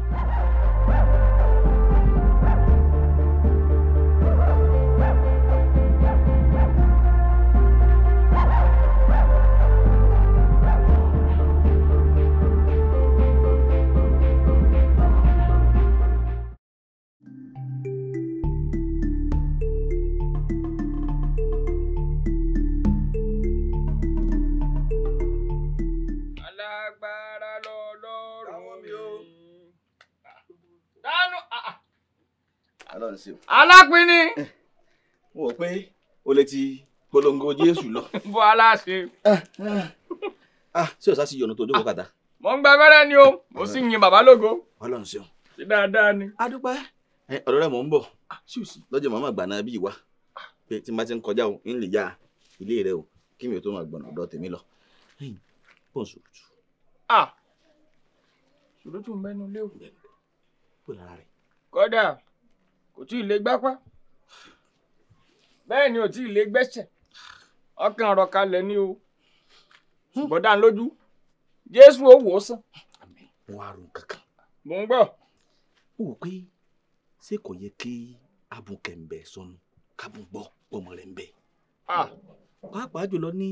Ọlọ́run sí o. alápínì. Eh, mo rò pé o lè ti polongo Jésù lọ. bó aláṣẹ. Ah, ah, ah, ṣé o sá sí yọnu tó jókòó kàtà. mo ń gba abẹ́rẹ́ ni o mo sì yin bàbá lógo. Ọlọ́run sí o. ṣe dáadáa ni. a dúpẹ́ ọ̀rọ̀ rẹ̀ mò ń bọ̀ lọ́jọ́ màmá gbà náà bí ìwà pé tí n bá ti ń kọjá o ń lè ya ilé rẹ o kí mi ò tó máa gbọ̀nà ọ̀dọ̀ tèmi lọ. bọ́ọ̀ sòròtù. sòròtù ń bẹ́nu lé òkú. kódà kò tí ì lè gbápá bẹ́ẹ̀ ni ò tí ì lè gbẹ́sẹ̀ ọkàn ọ̀rọ̀ kalẹ̀ ni o ṣùgbọ́n dá lójú jésù ó wò ó sàn. mo wá ro kankan. mo ń gbọ́. ó wò pé ṣé kò yẹ kí abunkẹ̀ǹbẹ̀ sọnù kábùn gbọ́ pọ̀mọ́ rẹ̀ ń bẹ̀. pàápàá jùlọ ní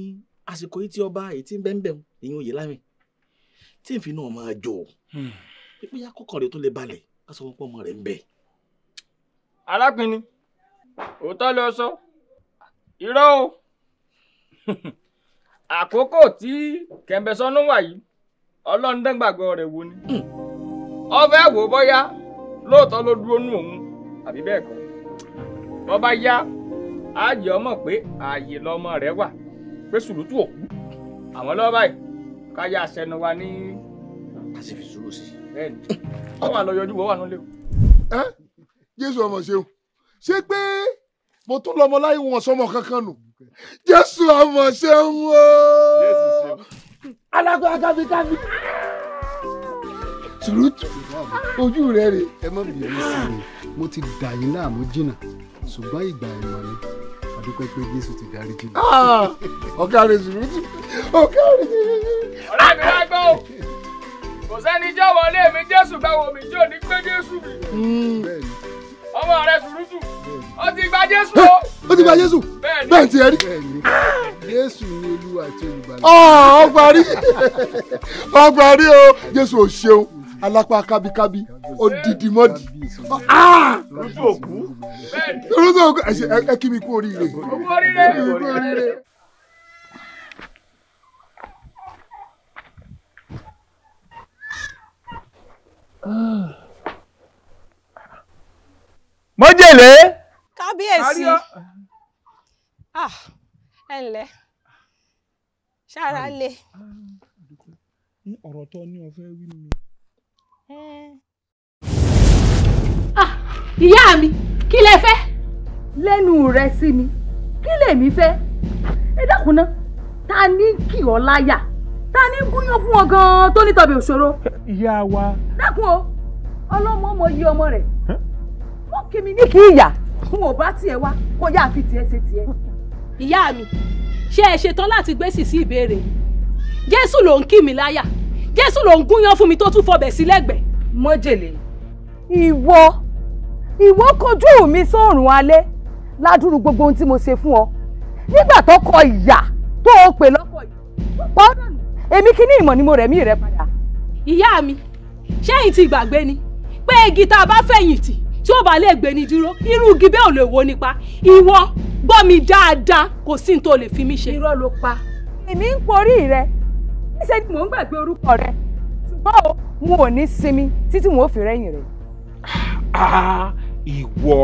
àsìkò yìí tí ọba èyí tí ń bẹ́ẹ̀ bẹ́ẹ̀ ìyẹn òye láwìn tí n máa jò ó pípẹ́ akọ́kọ̀ tó lè balẹ̀ ká sọ fún pọ̀mọ́ rẹ̀ ń bẹ̀ arákùnrin òótọ́ ló sọ irọ́ o àkókò tí kẹ̀mbẹ́sọ́nù wà yìí ọlọ́run dẹ́gbàgbọ́ rẹ̀ wo ni ọfẹ́ wò bọ́yá lóòótọ́ ló dúró nù òun àbí bẹ́ẹ̀ kọ́ bọ́ bá yá á jẹ́ ọmọ pé ààyè lọmọ rẹ̀ wà pé sùlùtù òkú àwọn lọ́wọ́ báyìí ká yá aṣẹ́nu wa ní. a sì fi sùúrù sí i. bẹ́ẹ̀ ni ọmọ àlọ́ yọjú wọ́n wà nílé o jésù ọmọ ṣeun ṣé pé mo tún lọmọ láyé wọn sọmọ kankan nù jésù ọmọ ṣeun o alágbá kábíkábí tùrùtù ojú rẹ rè. ẹ má bìbí sí i mo ti dà yín láàmú jìnnà ṣùgbọ́n ìgbà ẹ̀mọ́ ni àdúpẹ́ pé jésù ti darí jìnnà. Ah! ọ̀gá rẹ̀ tùrùtù ọ̀gá rẹ̀ tùrùtù. ọ̀rẹ́ mi á gbọ́ kò sẹ́ni jẹ́ wọlé mi jésù bá wo mi jò ní pé jésù mi ọmọ rẹ sùrùtù ó ti gba jésù o. ó ti gba jésù bẹ́ẹ̀ ti ẹ rí. jésù ni olúwa àti olùgbàlà. ọ ọ parí ọ parí o jésù ò ṣeun alápá kábíkábí odidi mọ́dì. Ah! rúdú òkú. rúdú òkú ẹ kí mi kú oríire. kú oríire. Ugh. Ah mọ́jèlé. kábíyèsí ah, ẹ ǹlẹ́ ṣára lè. ní ọ̀rọ̀ tó ní o fẹ́ wí mi. Eh. Ah, ìyá mi kí lẹ fẹ́. lẹ́nu rẹ sí mi kí lèmi fẹ́ ẹ dákun ná ta ní kì ọ́ láyà ta ní gúnyán fún ọ gan-an tó ní tọ̀bẹ̀ òṣòro. ìyá wa. dákun o ọlọ́mọ mọ yí ọmọ rẹ̀ kèmi ní kí ìyà n ò bá tiẹ̀ wá kó yá àfi tiẹ̀ ṣe tiẹ̀. ìyá mi ṣé ẹ ṣetán láti gbé sì sí ìbéèrè yìí jésù ló ń kí mi láyà jésù ló ń gúnyán fún mi tó tún fọbẹ̀ sí lẹ́gbẹ̀ẹ́. mọ́jèlé ìwọ ìwọ kojú mi sóòrùn alẹ́ ládùúrú gbogbo ohun tí mo ṣe fún ọ nígbà tó kọ ìyà tó o pè lọ́kọ̀ yìí pọ́ èmi kí ní ìmọ̀ ni mo rẹ̀ mí rẹ̀ padà. ìyá mi ṣẹ́yìn ti gbàgbé ni pé igi tá a bá fẹ̀yìntì tí ó bá lè gbé ni dúró irú igi bẹ́ẹ̀ ò lè wo nípa ìwọ gbọ́ mi dáadáa kò sí ní tó lè fi mí ṣe. irọ́ ló pa. èmi ń porí rẹ níṣẹ́ ni mò ń gbàgbé orúkọ rẹ ṣùgbọ́n o n ò ní sinmi títí wọn ò fi rẹ́yìn rẹ. Ah, ìwọ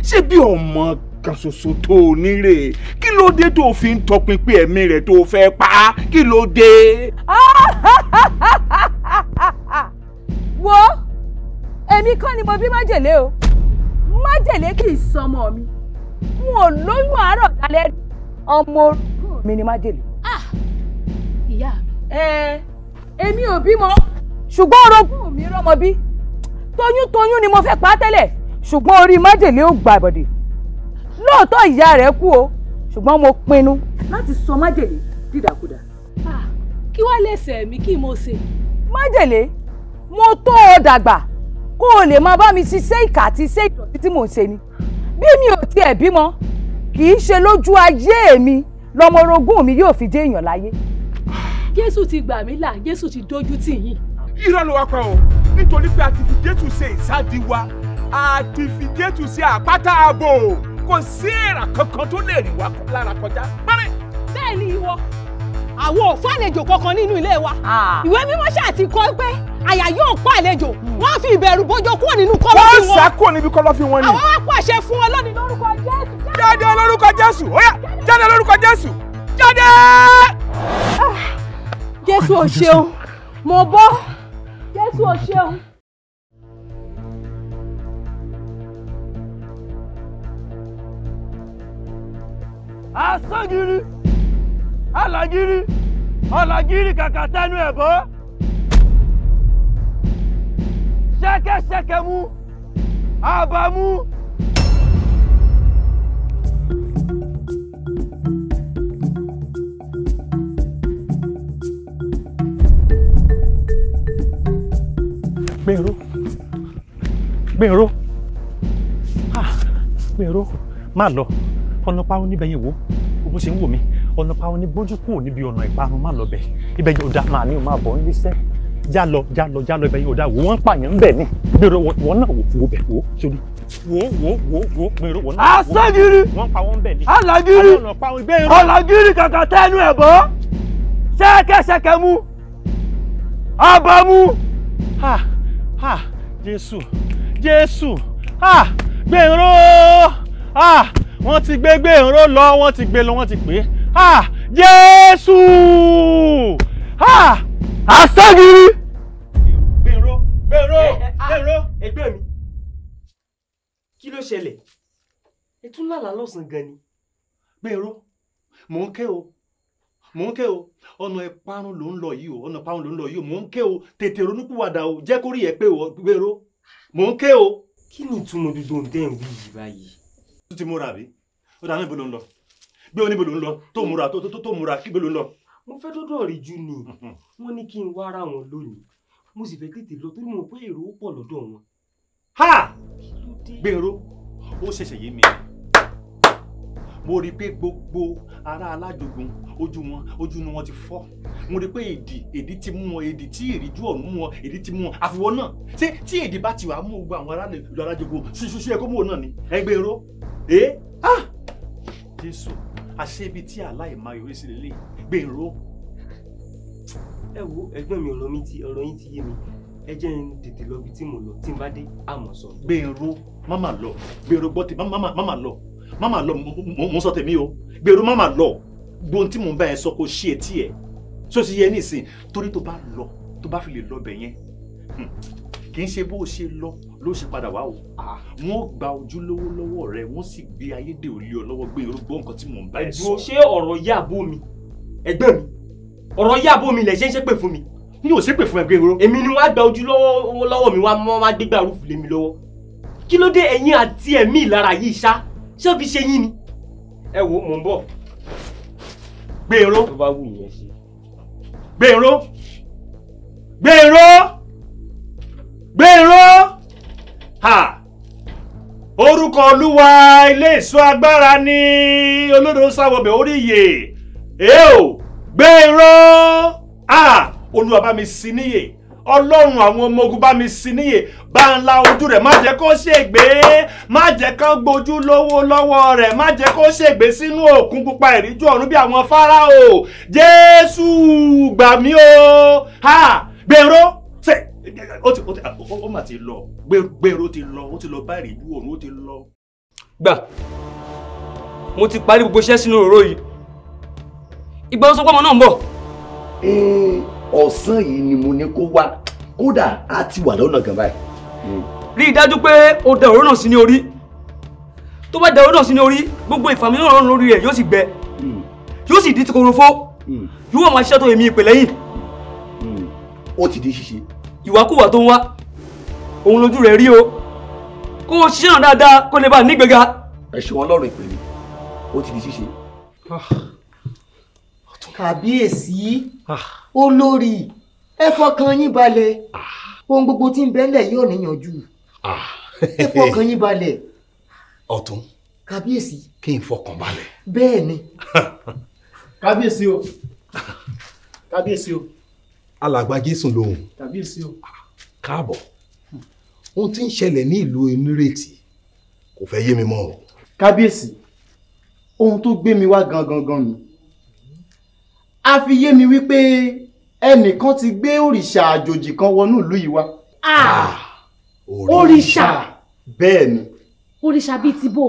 ṣé bí ọmọ kan ṣoṣo tó o nírè kí ló dé tó o fi ń tọpinpin ẹ̀mí rẹ̀ tó o fẹ́ pa á kí ló dé. Ah! wo èmi kọ́ ni mo bí májèlé o májèlé kì í sọmọ mi n ò lóyún àárọ̀ dalẹ́ ọmọ orúkọ mi ni májèlé. Ah, ìyá mi. ẹ èmi ò bímọ ṣùgbọ́n orogún mi rọmọ bí toyúntoyún ni mo fẹ́ pa á tẹ́lẹ̀ ṣùgbọ́n orí májèlé ò gbà bọ̀dẹ̀ lóòótọ́ ìyá rẹ̀ kú o ṣùgbọ́n mo pinnu láti sọ májèlé dídàkudà. Ah, kí wàá lè ṣe mí kí mo ṣe. májèlé mo tó o dàgbà kó o lè máa bá mi ṣiṣẹ́ ìkà àti iṣẹ́ ìdọ̀tí tí mò ń ṣe ni bí mi ò tiẹ̀ bímọ kì í ṣe lójú ayé mi lọmọ orogún mi yóò fi dé èèyàn láyé. jésù ti gbà mí là jésù ti dójú tì yín. irọ́ ló wá pa o nítorí pé a ti fi jésù ṣe ìsádi wa a ti fi jésù ṣe àpáta ààbò kò sí èrà kankan tó lè rí wa lára kọjá. bẹ́ẹ̀ ni ìwọ àwọn ò fàlejò kankan nínú ilé wa ìwé mímọ́ ṣáà ti kọ́ pé àyà yóò pa àlejò hmm. wọ́n fi ìbẹ̀rù bójó kúrò nínú kọ́lọ́fín wọn. wọ́n sá kúrò níbi kọ́lọ́fín wọn ni. àwọn wá pàṣẹ fún wọn lónìí lórúkọ jésù. jáde lórúkọ jésù óyá jáde lórúkọ jésù jáde. Ah, jésù ò ṣeun mo bọ́ jésù ò ṣeun. asọ́gìrì alagiri alagiri kàkà tẹnu ẹ̀ bọ́ ṣẹ́kẹ́ṣẹkẹ̀ mu àbámu. Gbèrò Gbèrò ah Gbèrò má lọ ọlọ́pàá ó níbẹ̀ yẹn wò ó bó ṣe ń wò mí ọ̀nà pa wọn ní bójú kù níbi ọ̀nà ìparun má lọ bẹ̀ ibẹ̀ yóò dá màá ní o máa bọ̀ ń ríṣẹ́ já lọ já lọ já lọ ibẹ̀ yóò dá wò wọ́n pààyàn bẹ̀ ni gbèrò wọn náà wò wò bẹ̀ wò sórí wò wò wò wò gbèrò wọn náà wò asagiri wọn pa wọn bẹ̀ ni alagiri alagiri kàkà tẹnu ẹ̀ bọ́ ṣẹ́kẹ́ṣẹkẹ mu abamu ha ha jésù jésù ha gbèrò ha wọ́n ti gbé gbèrò lọ wọ́n ti gbé lọ wọ́n ti pè é ah jésù ah àṣàgìrì. gbèrò gbèrò eh, eh, ah. gbèrò ẹgbẹ́ mi kí ló ṣẹlẹ̀ ètò lálàá lọ́sàn-án gan ni gbèrò mò ń kẹ́ o mò ń kẹ́ o ọ̀nà ìparun ló ń lọ yìí o ọ̀nà ìparun ló ń lọ yìí o mò ń kẹ́ o tètè ronúpìwàdà o jẹ́ kórìí ẹ̀ pé o gbèrò mò ń kẹ́ o. kí ni ìtumọ̀ dúdú ń tẹ̀ ń báyìí. tó ti múra àbí ó dáná ibo ló ń lọ gbé oníbo ló ń lọ tó múra tó tó tó múra kíbo ló ń lọ. mo fẹ́ dọ́dọ̀ rí jù ni wọ́n ní kí n wá ara wọn lónìí mo sì fẹ́ tètè lọ torí mo pé èrò pọ̀ lọ́dọ̀ wọn. ha gbèrò ó ṣẹ̀ṣẹ̀ yé mi mo rí i pé gbogbo ará alájogun ojú wọn ojú wọn ti fọ́ mo rí i pé èdè èdè ti mú wọn èdè tí ìrìjú ọ̀run mú wọn èdè ti mú wọn àfiwọ́ náà ṣé tí èdè bá ti wà á mú gbogbo àwọn ará ìlú alájogun ẹ kó mú òun náà ni ẹgbẹ́ ró ẹ ah jésù àṣebi tí aláìmáyọrí sí lélẹ̀ gbèrò. ẹ wo ẹ̀gbọ́n mi ọ̀rọ̀ mi ti ọ̀rọ̀ yín ti yé mi ẹ jẹ́ ń tètè lọ ibi tí mo lọ tí n bá dé àmọ̀ sọ. gbèrò máma lọ gbèrò gbọ́tẹ̀ mama, lọ máma lọ mo sọ tèmi o gbèrò máma lọ gbóhùn tí mò ń bá ẹ sọ kò ṣí etí ẹ tó ti yẹ nísìn torí tó bá lọ tó bá fi lè lọ bẹ̀ yẹn hmm, kì í ṣe bó o ṣe lọ ló ṣe padà wá o ah. wọn gba ojúlówó lọ́wọ́ rẹ wọn sì gbé ayédèrú lé ọ lọ́wọ́ gbé irúgbó nǹkan tí mò ń bá ẹ sọ. ṣé ọ̀rọ̀ yàbó mi ẹgbẹ́ mi ọ̀rọ̀ yàbó mi lẹ̀ ṣe ń ṣépè fún mi. mi ò ṣépè fún ẹgbẹ́ ìró. èmi ni wọ́n á gba ojúlówó lọ́wọ́ mi wá mọ́ wá gbégbá rúfù lé mi lọ́wọ́ kí ló dé ẹ̀yin àti ẹ̀mí ìlara yìí ṣá ṣé fi ṣe yín ni. ẹ wo mò ń bọ̀ gbèrò gbèrò gbèrò gbèrò ha orúkọ olúwa ilé ìṣọ́ agbára ni olódò sáwọbẹ orí ìyè èèò gbèrò ha olúwa bá mi sí níyè ọlọ́run àwọn ọmọ ogun bá mi sí níyè bá ń la ojú rẹ̀ má jẹ́ kó ṣègbé má jẹ́ kó gbojú lówó lọ́wọ́ rẹ̀ má jẹ́ kó ṣègbé sínú òkun pupa ìríjú ọ̀run bí àwọn fáráò jésù gbà mí o ha gbèrò ó ti ó ti ó mà ti lọ gbèrò ti lọ ó ti lọ bá ìrìbú òun ó ti lọ. gbà mo ti parí gbogbo iṣẹ́ sínú òróró yìí ìgbà ó sọ pé ọmọ náà ń bọ̀. ọ̀sán yìí ni mo ní kó wá kódà a ti wà lọ́nà gan báyìí. Hmm. rí i dájú pé o da òróró náà sí ní orí tó bá da òróró náà sí ní orí gbogbo ìfàmì náà rọrùn lórí rẹ̀ yóò sì gbẹ hmm. yóò sì di ti korofo hmm. yóò máa ṣiṣẹ́ tó èmi ìpè lẹ́yìn. ó ti di ṣíṣe ìwàkúwà tó ń wá òun lójú rẹ̀ rí o kó o ṣiṣẹ́ náà dáadáa kó lè bá nígbéga. ẹ ṣe wọn lọ́rùn ìpè mi ó ti di ṣíṣe. kàbíyèsí ah. olórí ẹ fọkàn yín balẹ̀ ah. ohun gbogbo tí ń bẹ́lẹ̀ yóò níyànjú ah. ẹ fọkàn yín balẹ̀. ọ̀tún kàbíyèsí. kí n fọkàn balẹ̀. bẹ́ẹ̀ ni. kàbíyèsí o kàbíyèsí o alàgbà jésù lòun kábíyèsí o ah, káàbọ̀ ohun tí ń ṣẹlẹ̀ ní ìlú onírètí kò fẹ́ yé mi mọ́ o. kábíyèsí ohun tó gbé mi wá gangan gan nù a fi yé mi wípé ẹnìkan ti gbé òrìṣà àjòjì kan wọnú ìlú yìí wá. Ah! Ah, òrìṣà bẹ́ẹ̀ ni. òrìṣà bíi ti bò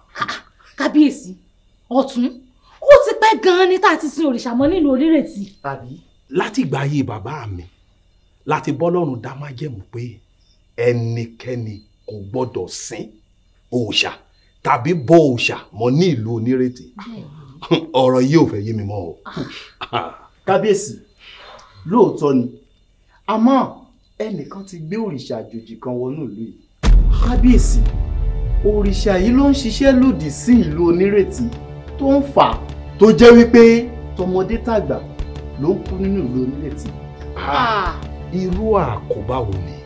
kábíyèsí ọ̀tún ó ti pẹ́ gan-an ní tá a ti sin òrìṣà mọ́ nílùú onírètí látìgbà ayé bàbá mi láti bọ́lọ́run dá májẹ̀mú pé ẹnikẹ́ni kò gbọ́dọ̀ sìn òòṣà tàbí bọ òòṣà mọ́ ní ìlú onírètè ọ̀rọ̀ yìí ò fẹ́ yé mi mọ́ o. kábíyèsí lóòótọ́ ni àmọ́ ẹnìkan ti gbé òrìṣà àjòjì kan wọnú ìlú yìí kábíyèsí òrìṣà yìí ló ń ṣiṣẹ́ lòdì sí ìlú onírètí tó ń fà tó jẹ́ wípé tọmọdé tàgbà ló kú nínú ìlú onílé tì ah. ah. irú àkóbá wo ni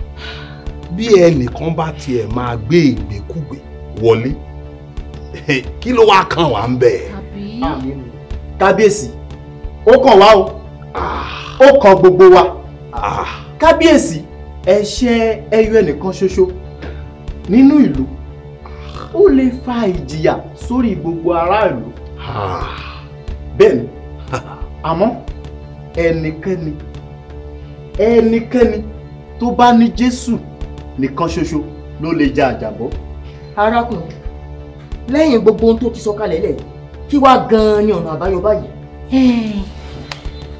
bí ẹnìkan bá tiẹ̀ máa gbé ìgbékúgbé wọlé kí ló wá kàn wá ń bẹ̀ ẹ́ kábíyèsí ó kàn wá o ah. ó kàn gbogbo wa kábíyèsí ẹ̀ṣẹ̀ ẹyọ ẹnìkan ṣoṣo nínú ìlú ó lè fa ìjìyà sórí gbogbo aráàlú bẹ́ẹ̀ ni ẹnikẹ́ni ẹnikẹ́ni tó bá ní Jésù nìkan ṣoṣo ló lè ja àjàbọ́. arákùnrin lẹ́yìn gbogbo ohun tó ti sọ kalẹ̀ lẹ̀ kí wàá gan-an ni ọ̀nà àbáyọ báyìí.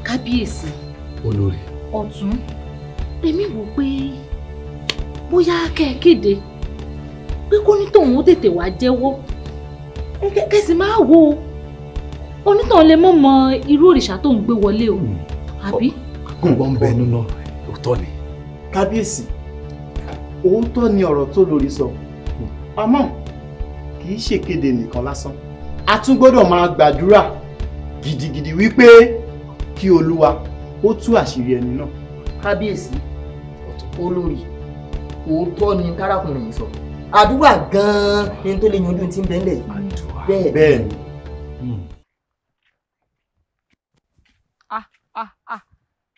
kábíyèsí olórí ọ̀tún èmi wò pé bóyá kẹ́ ẹ kéde pé kó ní tòun ó tètè wá jẹ́wọ́ kẹ́sì máa wò ó onítàn lè mọ̀ mọ irú òrìṣà tó ń gbé wọlé o hmm. àbí. gbogbo ń bẹ nínú òótọ́ ni. kábíyèsí òótọ́ ni ọ̀rọ̀ tó lórí sọ àmọ́ kì í ṣèkéde nìkan lásán a tún gbọ́dọ̀ máa gbàdúrà gidigidi wípé kí olúwa ó tú àṣírí ẹni náà. kábíyèsí olórí òótọ́ ni kárákùnrin yìí sọ àdúrà gan-an ni tó lè yanjú ti ń bẹ́ńlẹ̀ yìí bẹ́ẹ̀ bẹ́ẹ̀ ni. Hmm.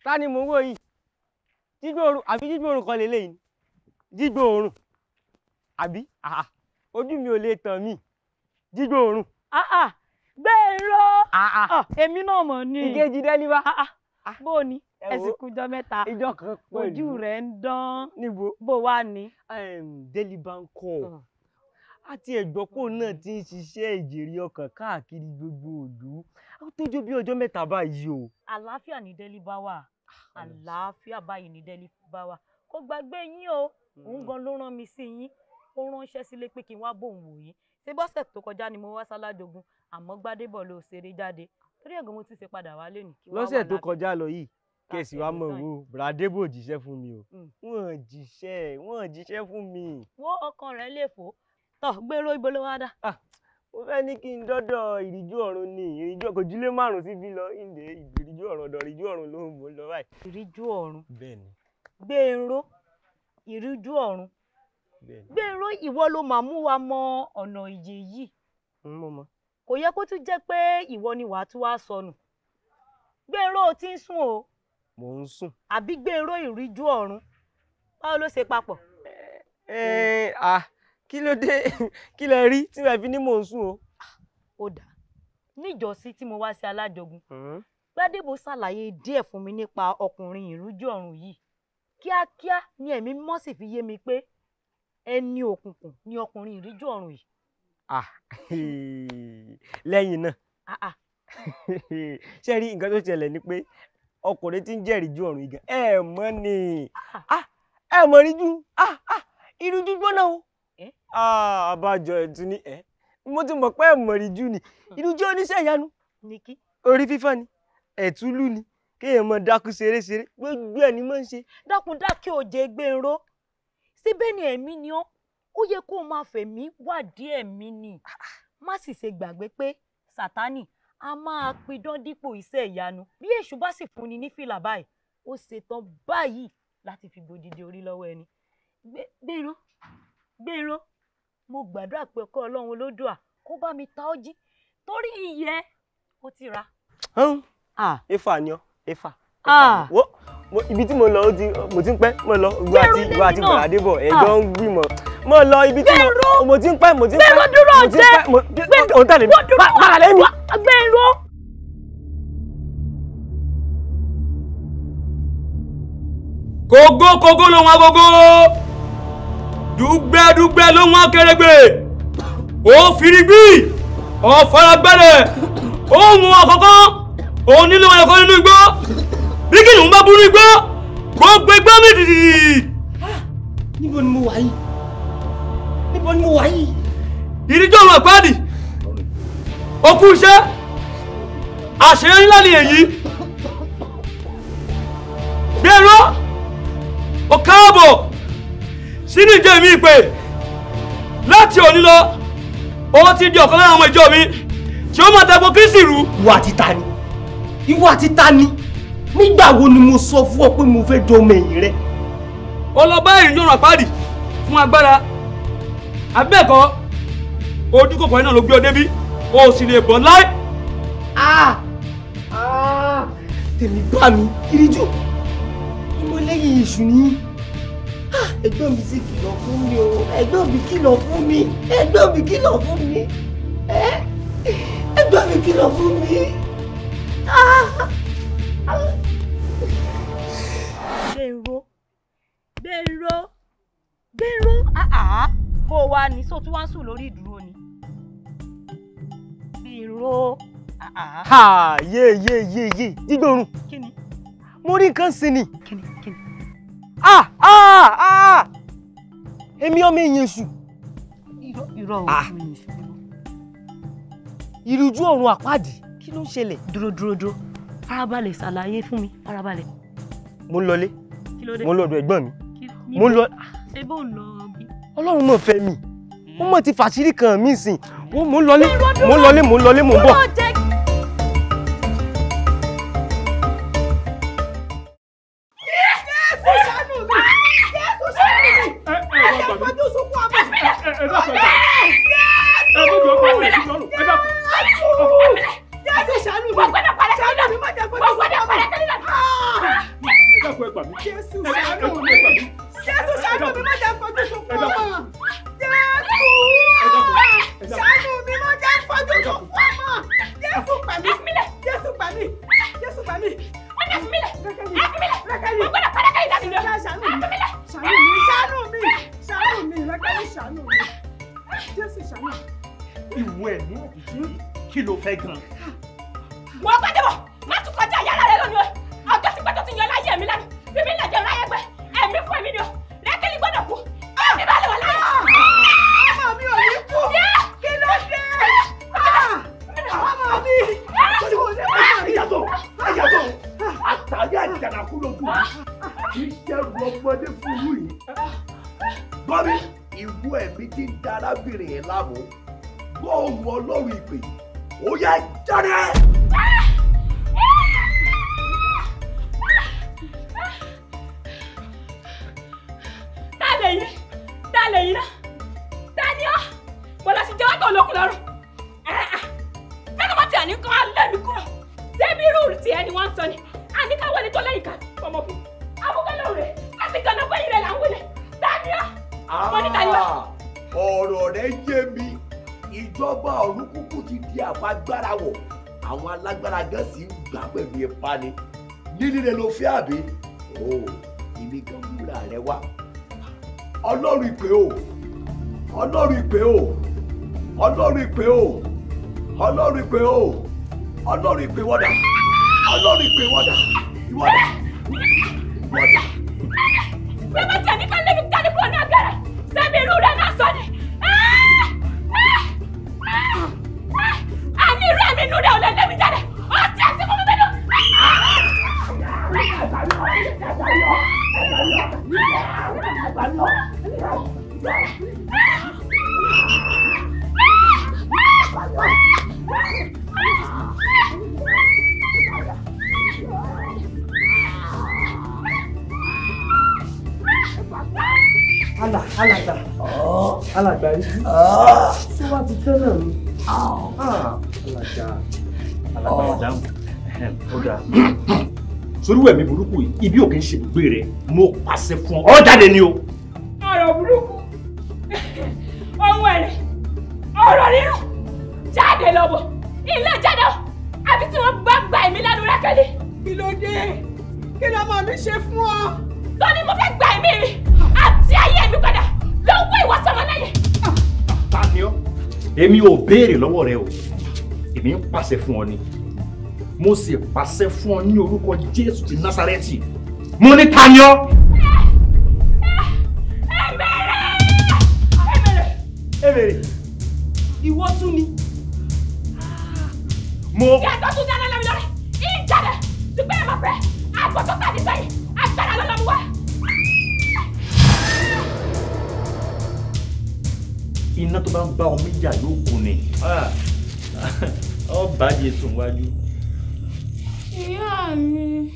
ta ni mò ń wò yìí jígbòòrùn àbí jígbòòrùn kan lélẹ́yìn jígbòòrùn àbí ojú mi ò lè tàn mí jígbòòrùn. gbèrò ah, èmi náà mọ̀ ni ìkejì dẹ́líbà ah. bó o ní ẹ̀sìnkú ìjọ mẹ́ta ìjọ kan pẹ̀lú ojú rẹ̀ ń dán níbo bó wà ní. dẹ́líbà ń kọ́ ah. ọ àti ẹ̀gbọ́pò náà ti ń ṣiṣẹ́ ìjèrè ọkàn káàkiri gbogbo ìlú ó tó jó bí ọjọ́ mẹ́ta báyìí o. àlàáfíà ní dẹ́líbà wà àlàáfíà báyìí ní délé bá wa kó gbàgbé yín o hmm. òun gan ló rán mi sí yín ó ránṣẹ́ sílé pé kí n wá bòun wò yín ṣé bọ́sẹ̀ tó kọjá ni mo wá sálájogun àmọ́ gbádébọ̀ ló ṣeré jáde torí ẹ̀gbọ́n mo ti ṣe padà wálé ní lọ́sẹ̀ tó kọjá lọ yìí kẹsì wa mọ̀ wo bradebo jíṣẹ́ fún mi o hmm. wọ́n jíṣẹ́ wọ́n jíṣẹ́ fún mi. wo ọkàn rẹ lè fò tọ gbèrò ibo ló wá dá mo fẹ́ ní kí n dọ́dọ̀ ìrìjú ọ̀run ni ìrìjú kò jùlé márùn síbi lọ ìdè ìrìjú ọ̀run ọ̀dọ̀ ìrìjú ọ̀run ló ń bò lọ báyìí. ìrìjú ọ̀run gbèrò ìrìjú ọ̀run gbèrò ìwọ ló máa mú wa mọ ọ̀nà ìyè yìí kò yẹ kó tún jẹ́ pé ìwọ ni wàá tún wá sọnù gbèrò o ti ń sùn o mò ń sùn àbí gbèrò ìrìjú ọ̀run báwo ló ṣe papọ̀. ẹ eh, ẹ eh, ah kí ló dé kí lẹ rí tí wọn fi ní mò ń sùn o. ó dà níjọ́sí tí mo wá sí alájogun hmm. gbadebo ṣàlàyé díẹ̀ fún mi nípa ọkùnrin ìrújú ọ̀run yìí kíákíá ni ẹ̀mí mọ́ sì fi yé mi pé ẹni òkùnkùn ni ọkùnrin ìrújú ọ̀run yìí. lẹ́yìn náà ah, ah. ṣé rí nǹkan tó ṣẹlẹ̀ ni pé ọkùnrin tí ń jẹ́ ìrújú ọ̀run yìí gan ẹ̀ mọ́ ni ẹ̀ mọ́ ríjú ìrújú gbóná o àbájọ ah, ẹ̀tún ni ẹ̀ mo ti mọ̀ pé ẹ̀mọ̀rì jù ni ìlú jẹ́ oníṣẹ́ ìyanu orí fífọ́ ni ẹ̀túlú ni kéèyàn mọ̀ dákú ṣeréṣeré gbogbo ẹ̀ ni mọ̀ ń ṣe. dákun dákẹ́ òjé gbèrò síbẹ̀ ni ẹ̀mí ni ọ́ ó yẹ kó o máa fẹ̀mí wádìí ẹ̀mí ni má sì ṣe gbàgbé pé sátánì a máa pidán dípò iṣẹ́ ìyanu bí èṣù bá sì fún ni ní fìlà báyìí ó ṣetán báyìí láti fi gbòdìdì orí lọ́wọ́ ẹni gbèrò gbèrò mo gbàdúrà pé ọkọ ọlọ́run olódùà kó bá mi ta ọ́ jí torí ìyẹ́ ó ti ra. ifá ni ọ ifá ibi tí mo lọ mo ti ń pẹ́ mo lọ ìwà àti ìwà àti bọ̀dé bọ̀ ẹ̀jọ́ ń gbìmọ̀ mo lọ ibi tí mo ti ń pẹ́ mo ti ń pẹ́ mo ti ń pẹ́ mo ti ń pẹ́ òun tẹ̀lé mi bàbá lẹ́mi. gbẹ̀rọ. kògó kògó ló wọn gbogbo dùgbẹ́dùgbẹ́ ló wọ́n kẹrẹgbẹ ó firigbí ó faragbẹ́rẹ́ ó mú ọkọ̀kọ́ ó nílò ẹ̀kọ́ nínú igbó bí kìnìún bá burú igbó gbogbo igbó mi dìdì. níbo ni mo wà yìí níbo ni mo wà yìí. ìdíjọ́ ọ̀rọ̀ àpáàdì òkú iṣẹ́ àṣeyọrí ńlá ni èyí bí ẹ̀rọ ọ̀kaàbọ̀ sínú ìjẹ́ mi pé láti òní lọ ó ti di ọ̀kan lára àwọn ìjọ mi tí ó máa tako Kristi rú. ìwọ àti ta ni ìwọ àti ta ni nígbà wo ni mo sọ fún ọ pé mo fẹ́ jọ ọmọ ẹ̀yìn rẹ. ọlọ́ba ìrìn yọ̀ràn àpáàdì fún agbára abẹ́ẹ̀kọ́ ojú kòkòrò náà ló gbé ọ débi o sì lè bọ̀ láì. tèmi bá mi kiri jù ìmọ̀lẹ́yìn èṣù nìyí ẹ̀gbọ́n mi sì kìlọ̀ fún mi o ẹ̀gbọ́n mi kìlọ̀ fún mi ẹ̀gbọ́n mi kìlọ̀ fún mi ẹ̀gbọ́n mi kìlọ̀ fún mi. Gbèrò Gbèrò Gbèrò kó o wá ní so tí wọ́n ń sùn lórí ìdúró ni. Gbèrò. yéyéyéyé dígbòrùn mo rí nǹkan sí ni. Kí ni? ah ah ah èmi ọmọ èèyàn èṣù. irọ́ o èmi ah. èèyàn èṣù lọ. ìrújú ọ̀run àpáàdì kí ló ń ṣẹlẹ̀. dúró dúró dúró farabalẹ̀ ṣàlàyé fún mi farabalẹ̀. mo ń lọlé mo ń lọ́dọ̀ ẹ̀gbọ́n mi mo ń lọ. Ah, ṣé bó ń lọ bí. ọlọ́run mọ̀ fẹ́ mi wọ́n mọ̀ ti fàṣírí kan mi sìn mo ń mo ń mo ń mo ń bọ̀. dúró jẹ́ ọmọdé burú yìí gbọ́ mi ìwú ẹ̀mí ti ń da arábìnrin yẹn láàmú gbọ́ ohùn ọlọ́run ìpè ó yẹ jáde. ńlá ni níní rẹ ló fẹ́ àbí o ìní gánmúra rẹ wá ọlọ́run ìpè o ọlọ́run ìpè o ọlọ́run ìpè o ọlọ́run ìpè o ọlọ́run ìpè wọ́dà ọlọ́run ìpè wọ́dà ìwọ́dà. ibi ò kì í ṣe gbogbo rẹ mo pàṣẹ fún ọ ọ jáde ni o. ọ̀rọ̀ burúkú ohun ẹ̀rẹ̀ ọ̀rọ̀ rírùn jáde lọ́bọ̀ ilé jáde àbí tí wọ́n bá gba èmi lẹ́nu rẹ́kẹ̀lé. kí ló dé kí lọmọ mi ṣe fún ọ. tó ní mo fẹ́ gba èmi mi àti ayé mi padà ló ń wọ ìwọ̀sán wọn lẹ́yìn. ta ni ọ èmi ò béèrè lọ́wọ́ rẹ o èmi ń pàṣẹ fún ọ ni mo sì pàṣẹ fún ọ ní orúkọ jésù ti násàrẹ́tì mo ní ta ni ọ. ẹ bèrè ìwọ tún ni. mo. yàtọ̀ tún dáná lọ́wọ́ lọ́rẹ́ ìjàdẹ ṣùgbọ́n ẹ mọ̀ pé àgbọ̀tọ̀ tàbí sẹ́yìn agbára lọ́lọ́mú wá. iná tó bá ń bá omi jà yóò kú ni. ọ bàjẹ́ sùn wájú mi.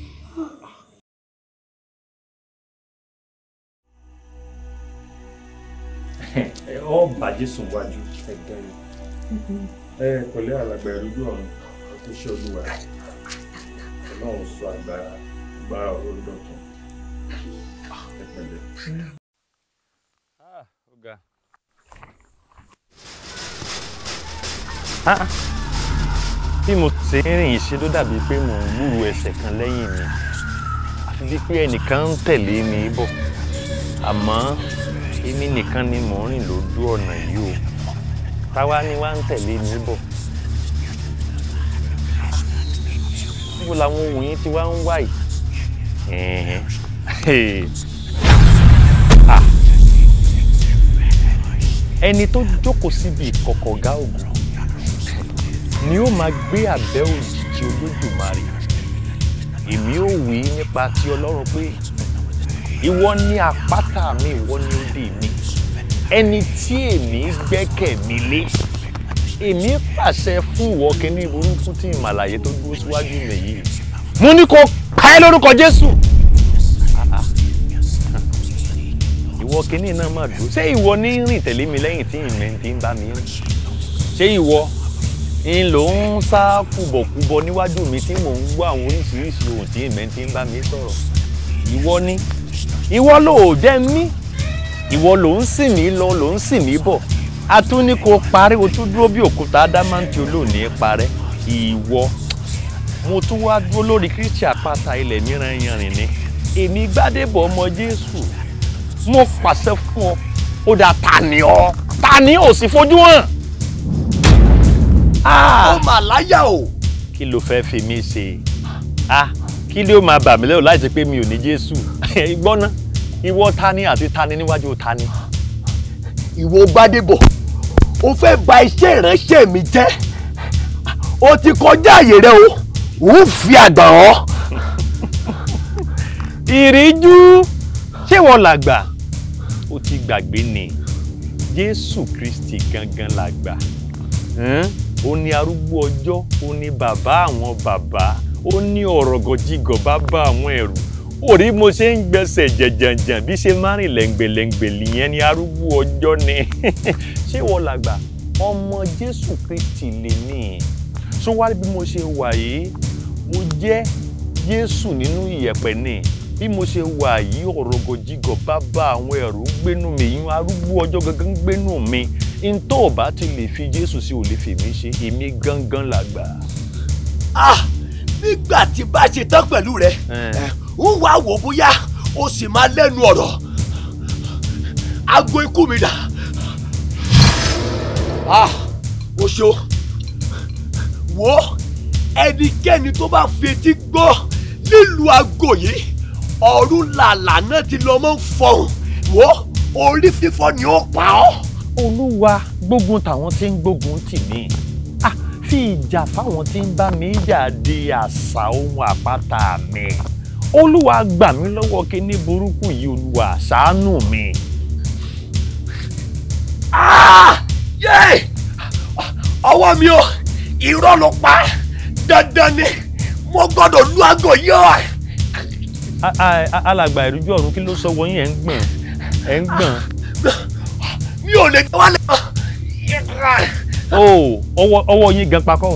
ọ bàjẹ́ sùn wájú ẹgbẹ́ rẹ mm-hmm. ẹ pẹ̀lẹ́ alàgbà ẹ̀rúgbó ọ̀run tó ṣe olúwa ọlọ́run sọ agbára agbára ọ̀rọ̀ dọ̀tun ẹ pẹ̀lẹ́. Ah, bí mo ti ń rìn ṣe ló dàbí pé mò ń gbúrú ẹsẹ̀ kan lẹ́yìn mi àfi bíi pé ẹnìkan ń tẹ̀lé mi bọ̀ àmọ́ èmi nìkan ni mò ń rìn lójú ọ̀nà yìí o táwa ni wá ń tẹ̀lé mi bọ̀ níbo làwọn ohun yìí ti wá ń wá yìí ah. ẹni tó jókòó síbi ìkọ̀kọ̀ ògùn ni ó máa gbé àbẹ́ òjì tí olódùmarè èmi ò wí nípa ti ọlọ́run pé ìwọ ni àpáta mi ìwọ ni òde mi ẹni tí èmi gbẹ́kẹ̀ mi lé èmi pàṣẹ fún ìwọ kíní burúkú tí ìmàlàyé tó dúró síwájú mi yìí mo ní kó pa ẹ́ lórúkọ jésù ìwọ kíní náà mà dúró ṣé ìwọ ní rìn tẹ̀lé mi lẹ́yìn tí ìmẹ̀ ti ń bá mi rìn ṣé ìwọ n ló ń sá kúbọ̀kúbọ níwájú mi tí mò ń gbọ́ àwọn oríṣiríṣi òtí ìmẹ́ tí ń bá mi sọ̀rọ̀ ìwọ ni ìwọ ló ò jẹ́ mí ìwọ ló ń sìn mí lọ ló ń sìn mí bọ̀ a tún ní kó parẹ́ o tún dúró bí òkúta ádámántì olóòní parẹ́ ìwọ mo tún wá dúró lórí kristi àpáta ilẹ̀ mìíràn yanrìn ni èmi gbádébọ̀ ọmọ jésù mo pàṣẹ fún ọ ó dà tani ọ tani ò sì fojú hàn. Ah! ó mà láyà o. kí ló fẹ́ fi mí ṣe ah, kí ló máa bà mí lẹ́rù láì ṣe pé mi ò ní jésù gbọ́ná ìwọ tani àti tani níwájú tani. ìwọ Gbádébọ̀ o fẹ́ bà iṣẹ́ ìránṣẹ́ mi jẹ́ o ti kọjá àyè rẹ o ò fi àgbà hàn. ìríjú ṣé wọ́n làgbà ó ti gbàgbé ni jésù kristi gangan làgbà. Hmm? ó ní arúgbó ọjọ́ ó ní bàbá àwọn bàbá ó ní ọ̀rọ̀gọ̀jigọ̀ bàbá àwọn ẹ̀rù orí mo ṣe ń gbẹ̀sẹ̀ jẹ̀jẹ̀jẹ̀ bí ṣe máa rìn lẹ́ngbẹ̀lẹ́ngbẹ̀ lìyẹn ní arúgbó ọjọ́ ni ṣé wọ́n làgbà ọmọ Jésù Kristi lè ní í tó wá bí mo ṣe wà yìí mo jẹ́ Jésù nínú ìyẹ̀pẹ̀ ni bí mo ṣe wà yìí ọ̀rọ̀gọ̀jigọ̀ bàbá àwọn ẹ̀rù gbénú mi yín arúgbó ọjọ́ gangan gbénú mi n tó o bá ti lè fi Jésù sí o lè fèmí ṣe èmi gangan làgbà. ah nígbà tí bá ṣe tán pẹ̀lú rẹ̀ ń eh. eh, wá wò bóyá o sì máa lẹ́nu ọ̀rọ̀ aago ikú mi dà ah o wo ẹnikẹ́ni tó bá fetí gbọ́ nílùú aago yìí ọ̀run làlà náà ti lọ́ mọ́ fọ̀hún wo orí fífọ́ ni ó pa ọ́ olúwa gbógun tàwọn tí ń gbógun tì mí ah fi ìjà fáwọn tí ń bá mi jà di àṣà ohun àpáta mi olúwa gbà mí lọ́wọ́ kíní burúkú yìí olúwa ṣàánú mi. Ah, ọwọ́ mi ò irọ́ ló pa dandan ni mo gbọ́dọ̀ lu aago yìí ọ́. alàgbà ìrújú ọ̀run kí ló sọ wọ́n yẹn ń gbọ̀n ẹ̀ ń gbọ̀n. Ah, mi ò lè wá lè. o oh, ọwọ́ ọwọ́ yín gan pa kọ́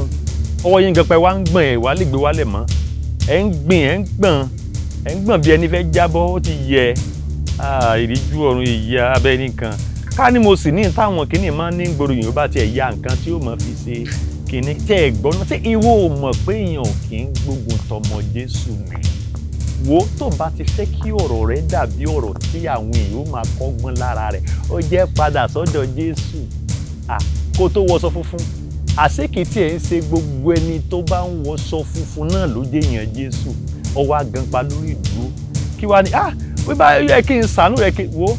ọwọ́ yín gan pa ẹ wá ń gbọ̀n ẹ wá lè gbé wálẹ̀ mọ́ ẹ ń gbìn ẹ ń gbọ̀n ẹ ń gbọ̀n bí ẹni fẹ́ jábọ́ ó ti yẹ ìríjú ọ̀run ìyá abẹ́ nìkan ká ní mo sì ní táwọn kìíní máa ní gbòòrò yorùbá tiẹ̀ ya nǹkan tí ó máa fi ṣe kìíní tẹ́ ẹ̀ gbọ́n ìwọ ò mọ̀ pé èèyàn kì í gbógun tọmọ jésù ni wo tó bá ti fẹ́ kí ọ̀rọ̀ rẹ dàbí ọ̀rọ̀ tí àwọn èèyàn máa kọ́gbọ́n lára rẹ̀ ó jẹ́ padà sọ́dọ̀ Jésù kó tó wọṣọ funfun àṣekìtì ẹ̀ ń ṣe gbogbo ẹni tó bá ń wọṣọ funfun náà ló dé yàn Jésù ọwọ́ aganpa lórí ìdúró kí wàá ní ah wíwá yẹ kí n sànú rẹ kí wo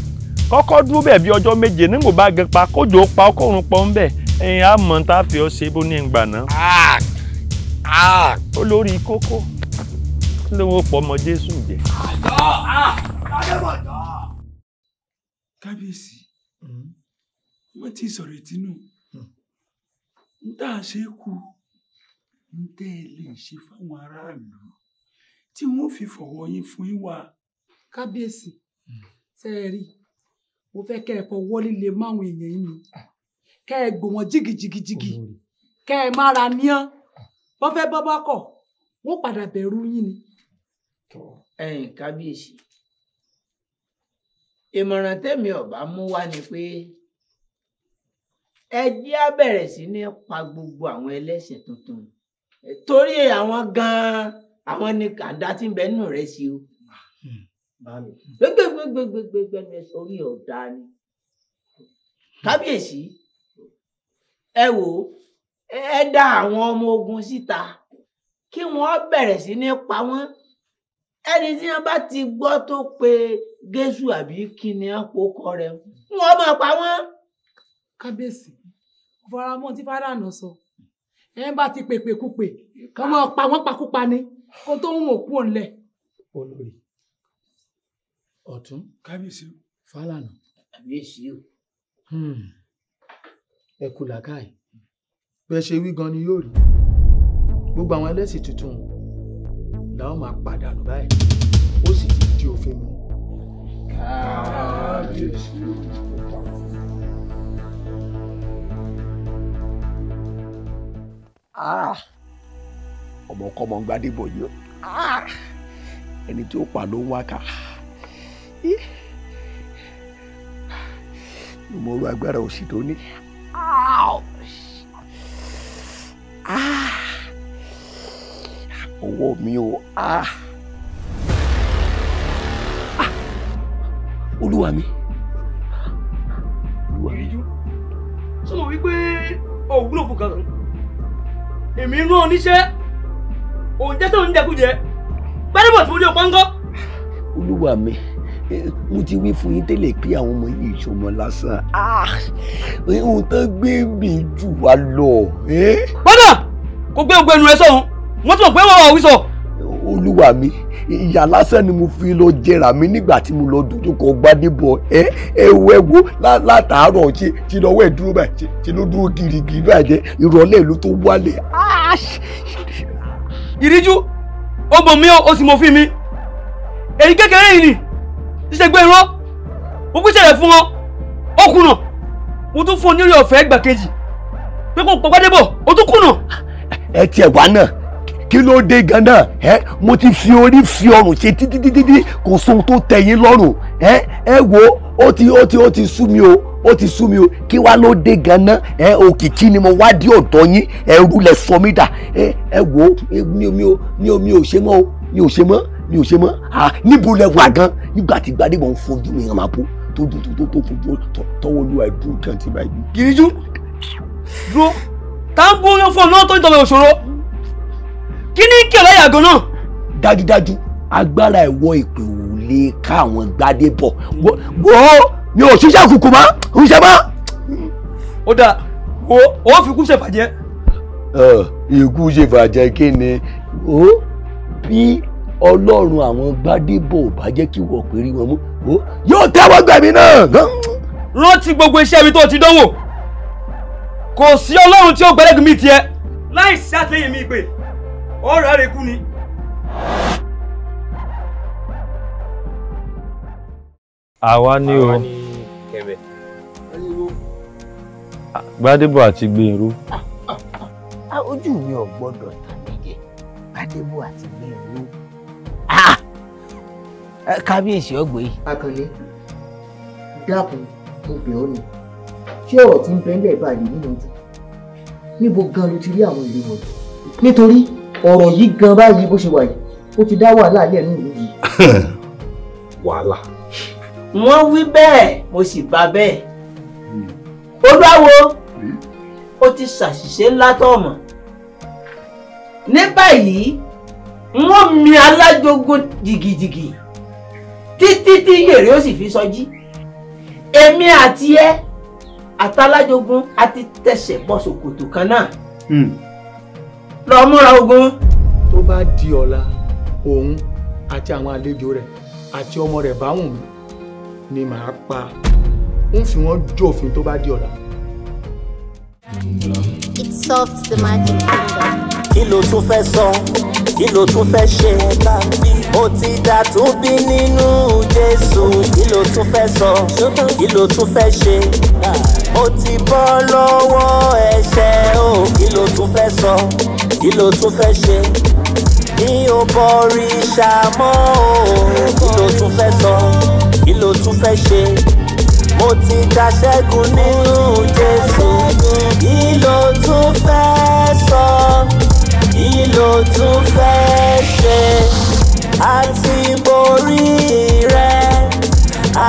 kọ́kọ́ dúró bẹ̀ bí ọjọ́ méje nígbò bá gan pa kójò pa ọkọ̀run pọ̀ ń bẹ̀ ẹ̀yìn àmọ́ tá a fi ọ ṣe bó ní ìgbà náà. Ah, ah. olórí kókó ní wọn pọ ọmọ jésù jẹ. kábíyèsí wọ́n ti sọ̀rọ̀ ìtinú ń tà ṣe kú ń tẹ́ ẹ lè ṣe fáwọn aráàlú tí wọ́n fi fọ̀wọ́ yín fún yín wá. kábíyèsí ṣe é rí mo fẹ́ kẹ́ ẹ fọwọ́ líle máwọn èèyàn yín ni kẹ́ ẹ gbò wọ́n jìgìjìgìjìgì kẹ́ ẹ mára níyàn bọ́fẹ́ bọ́bá kọ̀ padà bẹ̀rù yín ni ẹ̀yin kábíyèsí ìmọ̀ràn tẹ̀mí ọ̀bá mú wá ni pé ẹ jẹ́ á bẹ̀rẹ̀ sí ní pa gbogbo àwọn ẹlẹ́sìn tuntun torí àwọn gan-an àwọn ni kàdá tí ń bẹ nínú rẹ̀ sí o gbẹgbẹgbẹgbẹgbẹgbẹ orí ọ̀dà ni kábíyèsí ẹ wò ẹ dá àwọn ọmọ ogun síta kí wọ́n bẹ̀rẹ̀ sí ní pa wọ́n ẹni tí wọn bá ti gbọ́ tó pe Jésù àbí kí ni wọn kó wọn mọ pa wọn. kábíyèsí faramọ tí fàdánù sọ ẹ bá ti pèpèkúpè kàn máa pa wọn pakúpa ni kó tó ń òkú ọ̀nlẹ̀. olórí ọ̀tún kábíyèsí fàlànà. kábíyèsí o. Hmm. ẹ kú làákàyè ṣe wí gan ni yóò rí gbogbo àwọn ẹlẹ́sìn tuntun la ó máa pàdánù báyìí ó sì ti di òfin mu. kábíyèsí ah. ọmọkọmọ gbadébọ yìí ah. ẹni tí ó pa ló ń wá ká ìmọ̀ràn agbára òsì tó ní. owó mi o ah ah olúwa mi. ìjú sọ ma wípé òwúlò fún kankan èmi rán ọ níṣẹ́ òun jẹ́ sóun jẹkújẹ gbẹ́dẹ́bọ̀ tí mo ní o pọ́ńkọ́. olúwa mi eh, mo ti wí fún yín tẹ́lẹ̀ pé àwọn ọmọ yìí ṣọmọ lásán ah, ohun tó gbé mi jù wá lọ. padà eh? kó gbé ogun ẹnu sọ́hun wọ́n ti mọ̀ pé wọ́n wọ̀ wíṣọ. olúwa mi ìyá lásán ni mo fi lọ jẹrà mi nígbà tí mo lọ dojúkọ gbadébọ ẹ ẹwọ ẹwọ látàárọ̀ ṣe ti lọ wẹ dúró báyìí ti ló dúró girigiri báyìí ìrọ̀lẹ́ ló tó wálẹ̀. ìríjú ó bò mí ó sì mọ fún mi èyí kékeré yìí ni ṣíṣe gbé irọ́ mo fi ṣẹlẹ̀ fún wọn ó kùnà mo tún fún un ní orí ọ̀fẹ́ ìgbà kejì pé kò pọ̀ gbadébọ̀ ó tún kùnà. ẹ tiẹ̀ wá náà kí ló dé ganan ẹ mo ti fi orí fi ọrùn ṣe títí títí kò sóhun tó tẹ́ yín lọ́rùn ẹ ẹ wo ó ti ó ti ó ti sú mi o ó ti sú mi o kí wá ló dé ganan ẹ òkìkí ni mo wá dé ọ̀dọ̀ yín ẹrú lẹ sọ mí dà ẹ ẹ wo mi ò mi ò mi ò mi ò ṣe mọ́ o mi ò ṣe mọ́ mi ò ṣe mọ́ à níbo lẹ wà gan nígbà tí Gbadébọ̀ ń fojú mi hàn máa bó tó tó tó tó tó tọwọ́ olúwa ẹ̀dùn kan ti báyìí. kìrìjú dúró tá a ń gbóyún fún ọ lọ́wọ́ tó ń tọ́lẹ̀ òṣòro kí ni kí ọlọ́yà gan náà. dájúdájú agbára ẹ̀wọ́ ìpè ò lè ká àwọn gbadé bọ̀ wọ́ mi ò ṣiṣẹ́ kùkù mọ́ òṣìṣẹ́ mọ́. ó dáa wo ó fi kú ṣèfàjẹ́. ìkú ṣèfàjẹ́ kí ni ó bí ọlọ́run àwọn gbadé bọ̀ ò bá jẹ́ kí wọ́n pè rí wọn mú yóò tẹ́wọ́ gbẹ̀mí náà. rántí gbogbo iṣẹ́ ibi tó o ti dánwò kò sí ọlọ́run tí ó gbẹ́lẹ́gùn mi tiẹ̀ láì ṣàtìlẹ́yìn mi pè ọ̀rọ̀ rẹ̀ kú ni. àwa ni o gbadebo àti gbèrú. Ah, ah, ah. ojú mi ò gbọ́dọ̀ tàn mí jẹ gbadebo àti gbèrú. kábíyèsí ọgbẹ yìí. akànni dákun mo bẹ̀ ọ́ ni ṣé ọ̀rọ̀ tí ń bẹ́ńlẹ̀ báyìí nínú ojú níbo gan ló ti rí àwọn ìlú wọn nítorí ọ̀rọ̀ yìí gan báyìí bó ṣe wà yìí ó ti dá wàhálà alẹ́ nínú ìlú yìí. wàhálà. wọ́n wí bẹ́ẹ̀ mo sì bá bẹ́ẹ̀ olúwawo ó ti ṣàṣìṣe ńlá tọ̀mọ̀ ní báyìí wọ́n mi alájogun jìgìjìgì títí tí yèrè ó sì fi sọjí èmi àti ẹ àtàlájogun a ti tẹsẹ̀ bọ́ ṣòkòtò kan náà. Mm lọ múra ogun. tó bá di ọ̀la òun àti àwọn àlejò rẹ̀ àti ọmọ rẹ̀ báwùn mi ni màá pa ń fi wọ́n jófin tó bá di ọ̀la. it solves the magic kí ló tún fẹ́ sọ kí ló tún fẹ́ ṣe ó ti dà tún bí nínú Jésù kí ló tún fẹ́ sọ kí ló tún fẹ́ ṣe ó ti bọ́ lọ́wọ́ ẹ̀ṣẹ̀ o kí ló tún fẹ́ sọ kí ló tún fẹ́ ṣe mi ò bọ̀rì ṣàmọ́ o kí ló tún fẹ́ sọ kí ló tún fẹ́ ṣe mo ti gba ṣẹ́gun nínú Jésù kí ló tún fẹ́ sọ kí ló tún fẹ́ ṣe àti borí rẹ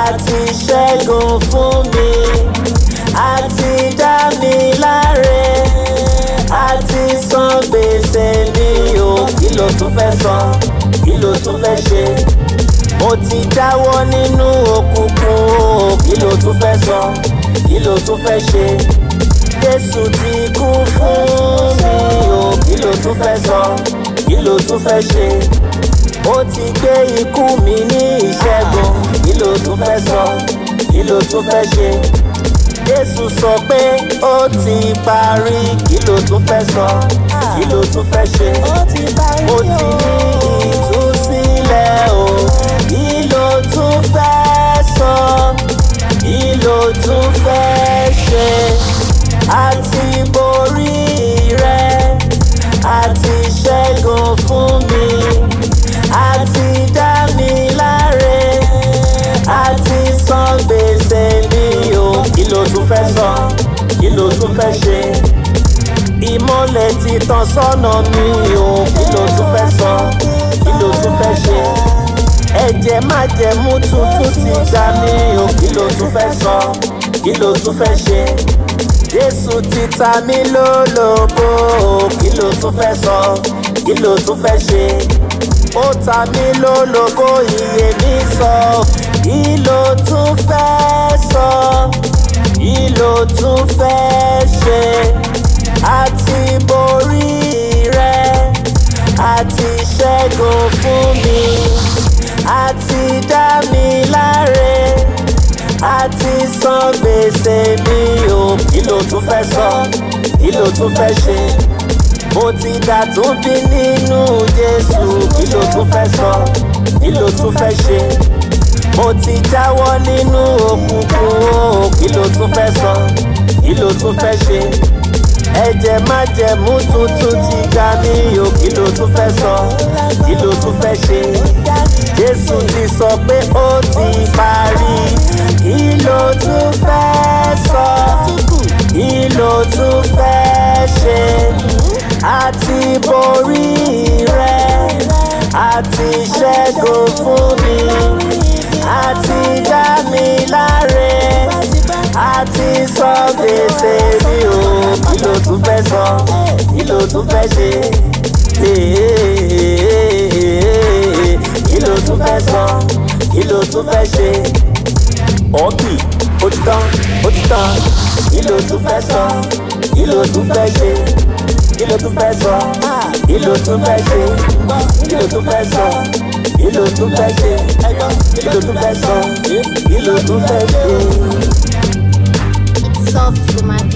àti ṣẹ́gun fún mi àti dá mi láre. ló tún fẹ́ sọ kí ló tún fẹ́ ṣe mo ti dáwọ́ nínú òkùnkùn o kí ló tún fẹ́ sọ kí ló tún fẹ́ ṣe Jésù ti kú fún mi o kí ló tún fẹ́ sọ kí ló tún fẹ́ ṣe ó ti gbé ikú mi ní ìṣẹ́gun kí ló tún fẹ́ sọ kí ló tún fẹ́ ṣe Jésù sọ pé ó ti parí kí ló tún fẹ́ sọ kí ló tún fẹ́ ṣe ó ti ní ìtúsílẹ̀ o kí ló tún fẹ́ sọ kí ló tún fẹ́ ṣe àti borí rẹ àti ṣẹ́gun fún mi àti dá mi láre àti san gbèsè mi o kí ló tún fẹ́ sọ kí ló tún fẹ́ ṣe ìmọ́lẹ̀ ti tàn sọ́nà mi ò kí ló tún fẹ́ sọ kí ló tún fẹ́ ṣe ẹ̀jẹ̀ májẹ̀mú tuntun ti gbà mí ò kí ló tún fẹ́ sọ kí ló tún fẹ́ ṣe Jésù ti ta mí lólobó ò kí ló tún fẹ́ sọ kí ló tún fẹ́ ṣe ó ta mí lólobó iye mi sọ kí ló tún fẹ́ sọ kí ló tún fẹ́ ṣe. I'd Go fún mi àti dá mi láre àti san gbèsè mi o kí ló tún fẹ́ sọ kí ló tún fẹ́ ṣe mo ti dà tún bí nínú Jésù kí ló tún fẹ́ sọ kí ló tún fẹ́ ṣe mo ti jáwọ́ nínú òkùnkùn o kí tún fẹ́ sọ kí tún fẹ́ ṣe ẹ̀jẹ̀ májẹ̀mú tuntun ti ga mí o kí ló tún fẹ́ sọ kí ló tún fẹ́ ṣe jésù ti sọ pé ó ti parí kí ló tún fẹ́ sọ kí ló tún fẹ́ ṣe àti borí rẹ àti ṣẹ́gun fún mi àti dá mi láre a ti sọ gbèsè mi o kí ló tún fẹ́ sọ kí ló tún ṣe kí ló tún sọ kí ló tún ṣe ọ̀kì ó ti tán ó ti tán kí ló tún sọ kí ló tún ṣe kí ló tún sọ kí ló tún ṣe kí ló tún sọ kí ló tún ṣe kí ló tún sọ kí ló tún ṣe. soft to my